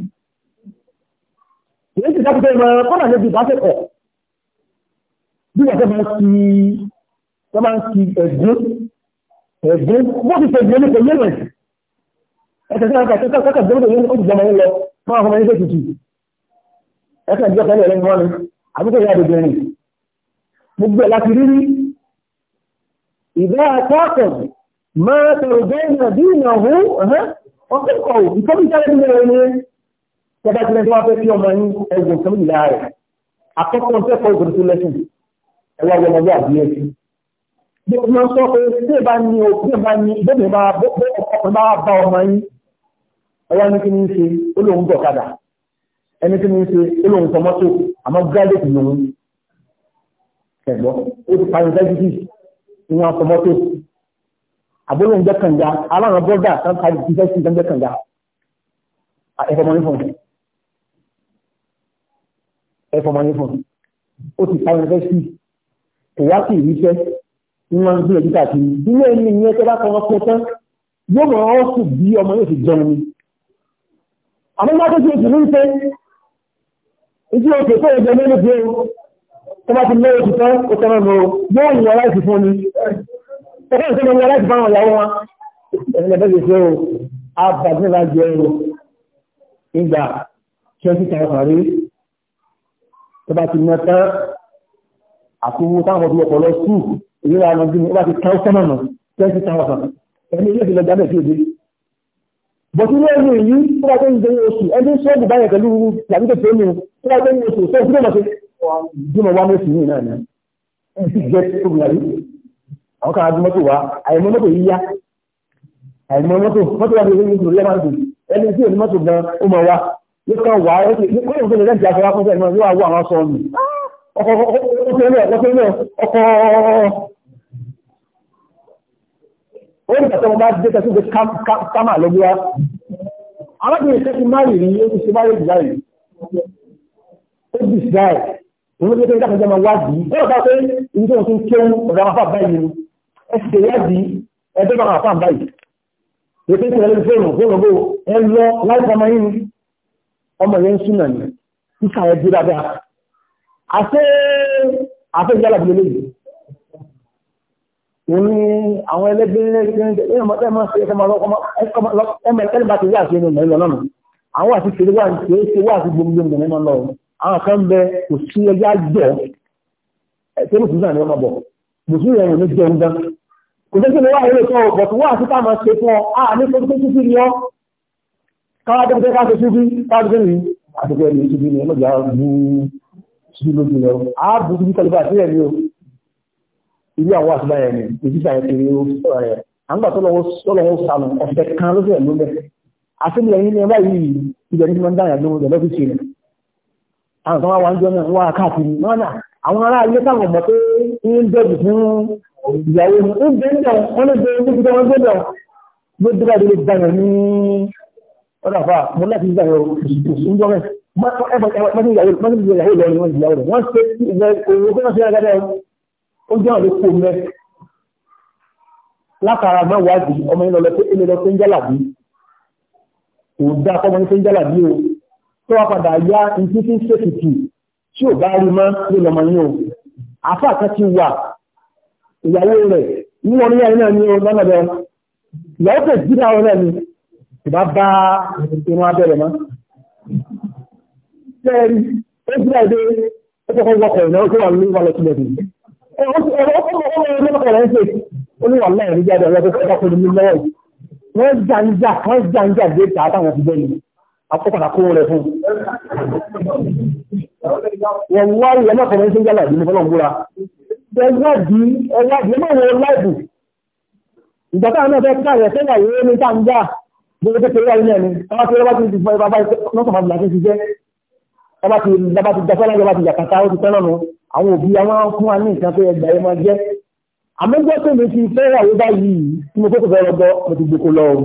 èyí ti dákítọ́ ìmọ̀ kọ́nà níbi ìbáṣepọ̀ bí wọ́n fẹ́ máa ti wọ́n máa ń ti ẹ̀gbọ́n ẹ̀gbọ́n wọ́n ti tẹ̀gbọ́n ní pẹ̀lú ẹ̀rẹ̀ ẹ̀sẹ̀ sí ọkọ̀ ẹ̀sẹ̀ kọ́kọ̀ gbọ́dọ̀ yẹn ó ti jọmọ yín lọ máa fọmọ yín lẹ́tùtù ẹ̀sẹ̀ ìjọ pẹ̀lú ẹ̀rẹ̀ wọn ni àbúkọ̀ ìyá àdòdò rìn gbogbo ẹ̀ láti rírí ìdá àtàkọ̀ọ̀ ما تبين دينه وفقه ìtọ́bí jáde nílẹ̀ ẹni tẹ́bá tí wọ́n fẹ́ fi ọmọ yín ẹgbẹ̀rún kan nílẹ̀ rẹ̀ akọ́kọ́ sẹ́kọ̀ọ́ ìgbèrú tó lẹ́sìn ẹwà ọmọ ọmọdé àbí ẹsì bí ọmọ sọ pé tí ìbá ní òkú ìbá ní ìbẹ́bẹ̀ máa bọ́ ọkùnrin máa bá ọmọ yín ẹwà ní kí ní ṣe olóhùn dọ̀kadà ẹni kí ní ṣe olóhùn tọmọ́tò àmọ́ gírádẹ́tì lòun ẹ̀gbọ́ ó ti parí dájú bíi ìwọ̀n tọmọ́tò àbúrò ń jẹ́ kànga aláwọn bọ́dà tán ká ìdíjẹ́ sí ìjẹ́ kànga ẹ̀fọ́mọ́ní fún ẹ̀fọ́mọ́ní fún O ti sáré fẹ́ sí kò wá sí ìríṣẹ́ ní wọ́n ń gbé ẹ̀jú káàkiri ilé ẹni ìyẹn tẹ́ bá kọ́ fún tán yóò mọ̀ ọ́ sì bí ọmọ yóò fi jẹun ni àmọ́ máa tó ti oṣù ní ṣe ojú oṣù tó ẹgbẹ́ lónìí pé o bá ti lọ́wọ́ ti tán ó tẹ́ràn lọ yóò yọ aláìsí fún ni Ọkọ̀ ìṣẹ́ lọ́wọ́ láti bá wọn ìyàwó wọn. Ẹni lẹ́fẹ́ lè ṣe o, a bà tí wọ́n jẹ ẹrù nígbà twenty thousand rí. Tó bá ti mọ tán, àkúwú táwọn ọdún ọ̀pọ̀ lọ sí ìrírí àwọn ọdún ó bá ti tán sọ́mọ̀ nù twenty thousand. Ẹni ilé ìfilọ̀ jábẹ̀ sí èdè. Bọ̀tí ní ẹni èyí tó bá tó ń jẹun oṣù, ẹni tó tó bá tó ń oṣù, oṣù yìí àwọn kan adúmọ́tò wa àìmọ́ mọ́tò yíyá àìmọ́ mọ́tò mọ́tò wà ní ìlú ìlú lẹ́mọ̀tò ẹni tí òní mọ́tò gan ó mọ̀ wá yóò kàn wá ó ti kó ìfún ilé ìjà fún wa fún sẹ́yìn náà wọ́n àwọn aṣọ mi ọkọ̀ ó ní kàtọ́ mo bá dé kẹsí ìgbé kámà lóbi wa alábìnrin ṣe ti máa rí ó ti ṣe máa rí ìjà yìí ó bì sí àì òun ló dé kí n dákẹ́jọ́ máa wá yìí ó lọ bá pé ìdí tó ń kéwú ọ̀dọ̀ àwọn afá báyìí ni ẹ̀sìn ìwádìí ẹgbẹ́ bá àpá àbáyì lókè tí ẹlẹ́gbẹ́ fóònù fóònù bó ẹ lọ láìpẹ́ ọmọ yín ọmọ yẹn ń súnà ní kíkà ẹ dúró dáadáa àṣẹ àfẹ́jọ́ alábìlẹ̀ lóyè òun ni àwọn ẹlẹ́gbẹ́ àwọn àti ṣe wà ṣe ṣe wà sí gbogbo nínú lọ àwọn kan bẹ kò sí ẹjá jẹ ẹ̀tẹ́rù fún náà ni wọ́n máa bọ̀ mùsùlùmí ẹ̀rùn ní jẹun gan kò sí wá ìwé tó ọ̀bọ̀ tó wà sí táàmà ṣe fún ọ a ní kó tó títí ni ọ káwá tó tẹ́ká tó ṣubí káwá tó ní àtúkọ̀ ẹni ṣubí ni ọlọ́jà bú ṣubí lójú lọ a bú ṣubí kọlùbà sí ẹni o ilé àwọn àtúbà ni èyí sàyẹ kiri ó sọ̀rọ̀ yẹn à ń gbà tọ́lọ́wọ́ sànù ọ̀sẹ̀ kan ló fẹ́ lómẹ́ àtúnyẹ̀ yín ni ẹ àwọn ará ilé táwọn ọmọ pé ń bẹ̀rù fún ìyàwó ni ó bẹ̀rù náà wọ́n lè bẹ̀rù níbi tí wọ́n gbé náà ló dúró àdúgbò dáyọ̀ ní ọ̀dà fà mo láti gbà yọ ìjọ rẹ̀ mọ́tí ìyàwó lọ́wọ́ wọn ìyàwó rẹ̀ wọ́n ṣe owó tó wọ́n ṣe lágbàdá ó jẹ́ ọ̀dọ́ kó mẹ́ látara mẹ́wàá di ọmọ yìí lọ pé ilé lọ pé ń jálà bí kò dá ọmọ yìí pé ń jálà bí o tó wá padà yá ní títí ṣèkìtì tí ò bá rí mọ́ ní lọmọ yóò àfá àkà ti wà ìyàwó rẹ̀ níwọ̀n ní àìyàn ní ọlọ́nàdọ̀ ìyàwó tẹ̀ jíra ọ̀rẹ́ mi ìbá bá irun abẹ́rẹ̀ mọ́ lẹ́ẹ̀rí ó jíra ìdé ó kọ́kọ́ wọkọ̀ ìnáwó tó wà ní wà lọ́tìlẹ̀ sí wọ́n jàǹjà wọ́n jàǹjà dé tààtà wọn fi bẹ́ẹ̀ ni àkókò àkókò rẹ̀ fún wọ́n wá rí ẹ̀mọ́ kan ṣe ń yálà ìdí mọ́fọ́lọ́ múra ẹwádìí ẹwádìí ẹmọ́ wọn láìbù ìgbà táwọn náà fẹ́ káàrẹ̀ sẹ́yà yìí ní tá ń gbà gbogbo tó kéré ayé náà ni ọba tí ọba ti ti fọ ẹba bá lọ́sọ̀ máa bìlà ti jẹ́ ọba ti laba ti jafẹ́ láyé ọba ti jàkàtà ó ti tẹ́ lọ́nu àwọn òbí àwọn fún wa báyìí tí mo tó fẹ́ lọ́gbọ́ mo ti gboko lọ́ọ́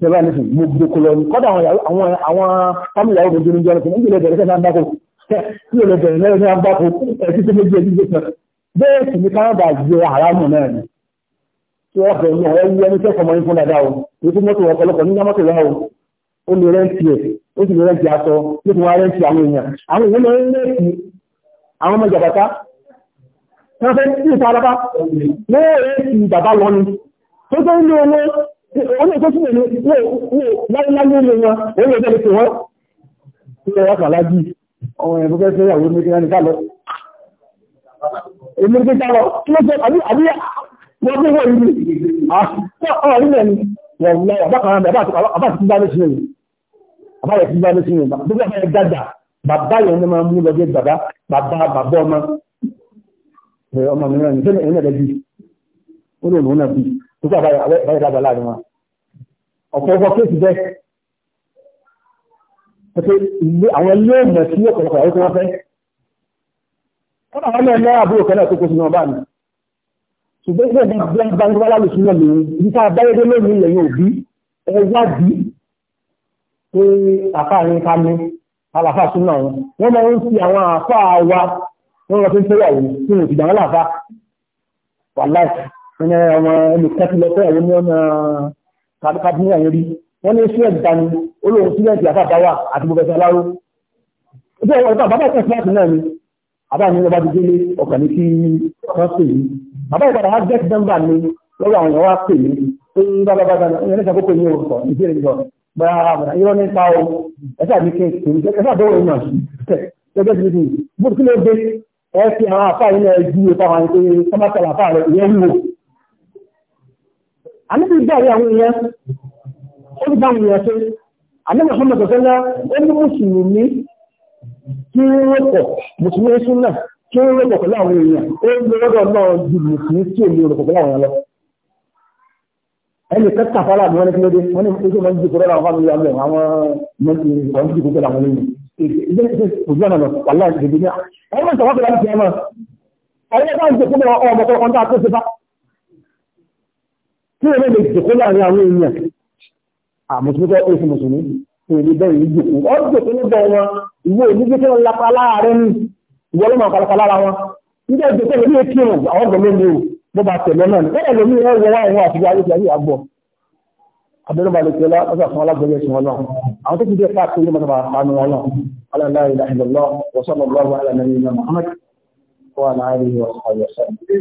tẹ́lá nísìn mo gbé kó lọ ní kọ́dà àwọn àwọn fámìlì àwọn obìnrin jọ nísìn níbi ìlẹ̀bẹ̀rẹ̀ sẹ́sẹ̀ àbákò tí ìlẹ̀bẹ̀rẹ̀ lẹ́yìn àbákò ẹ̀sìn tó méjì ẹ̀sìn tó bẹ́ẹ̀ sì ni Canada jẹ́ àrámù náà ni tí wọ́n bẹ̀rẹ̀ náà ẹ̀wú ẹni tẹ́kọ̀ọ́ mọ́ fún dada o èyí tó mọ́tò ọ̀pọ̀lọpọ̀ ní mọ́tò rẹ̀ o ó lè rẹ́ǹtì ẹ̀ ó sì lè rẹ́ǹtì aṣọ ó sì wá rẹ́ǹtì àwọn èèyàn àwọn èèyàn lè rẹ́ǹtì àwọn ọmọ ìjàbàtà wọ́n fẹ́ sí ìta alábá lọ́wọ́ rẹ́ǹtì bàbá lọ́ni tó tó ń lé owó wọ́n ọmọ ẹ̀bùn kẹfẹ́ ní kálọ̀ ní sinmi ah, àbá yẹ ti bá ní sinmi tó bá tó kí àbáyé lágbà láàrin wọn ọ̀pọ̀ ọkọ̀ kéèsì bẹ́ẹ̀ pẹ̀lú ilé àwọn ilé ìmọ̀ sí ọ̀pọ̀lọpọ̀ àwọn tó wọ́n fẹ́ kọ́nà wọn náà àbúrò kan náà tó kó sínú ọba mi ṣùgbọ́n ilé ìgbà bí wọ́n bá ń wá lálù sínú ọ̀lẹ́ ibi tá a bá yẹ́dẹ́ lónìí ilẹ̀ yóò bí ẹ wá bí pé àfáàrin ká ní àlàfà súnà wọn wọ́n máa ń fi àwọn àfáà wa wọ́n lọ fi ń fẹ́yàwó sínú ìgbà wọn láfa wà láìsí ní ọmọ ẹnìkẹ́tìlọ́pẹ́ ẹ̀rọ ní ọmọ kàbínú ẹ̀yìn rí wọ́n ní sí ẹ̀dá ni olóhùn sílẹ̀tì àfàbáwà àti bọ̀bẹ̀sẹ̀ aláró ojú ọ̀rọ̀ ìta bàbá ìkẹ́ sílẹ̀tì náà ni bàbá mi ọba ti délé ọkà ní kí wọ́n pè mí bàbá ìpadà wá gẹ́tì dẹ́mbà mi lọ́wọ́ àwọn èèyàn wá pè mí pé bàbá bàbá ìyẹn níta kókò yìí ọkọ̀ ìbéèrè lọ bá irọ́ nípa o ẹ̀sà mi kẹ́ ẹ̀sà bọ́wọ́ ìmọ̀ gẹ́gẹ́ bí mi bó kí ló dé ẹ fi àwọn àfáà yìí náà ju ìpamọ́ àti pé sọ́mọ́tàlá àfáà rẹ̀ ìyẹn wúwo àníbi bẹ́ẹ̀rẹ̀ àwọn èèyàn ó ti bá wọn ṣe àníbi ọ̀sán mọ̀tọ̀sọ́lá ó ní mùsùlùmí kí ó rọ̀pọ̀ mùsùlùmí súnà kí ó rọ̀pọ̀ pẹ̀lú àwọn èèyàn ó ń lọ́dọ̀ náà ju mùsùlùmí tí èmi rọ̀pọ̀ pẹ̀lú àwọn lọ. ẹnì kẹta fara ni wọn ní kílódé wọn ní ojú máa ń jìkọ lọ́dọ̀ àwọn fámìlì àwọn àwọn mọ̀ ń jìkọ pẹ̀lú àwọn èèyàn ilé ìjọ náà lọ wàlá ìdìbò ní àwọn ọmọ ìṣàwọ́ tí ó lè jòkó láàrin àwọn èèyàn àmọ́túnmọ́tọ́ oṣù mùsùlùmí tí ó lè bẹ̀rẹ̀ ní jòkó ọ́ jòkó ló bọ̀ wọn ìwé onígbé tí wọ́n lapa láàárẹ̀ ní ìwọ ló máa palapa lára wọn nígbà ìjòkó lè ní kí òun àwọn ọgbọ̀n lónìí o bó ba tẹ̀lé náà ní kọ́nà lómi ẹ̀ wọ́n wọ́n àti ayé ti ayé àgbọ̀ abẹ́rẹ́ balẹ̀ tí ọlá ọjọ́ àwọn alágbẹ̀rẹ̀ ẹ̀sìn wọn náà àwọn tó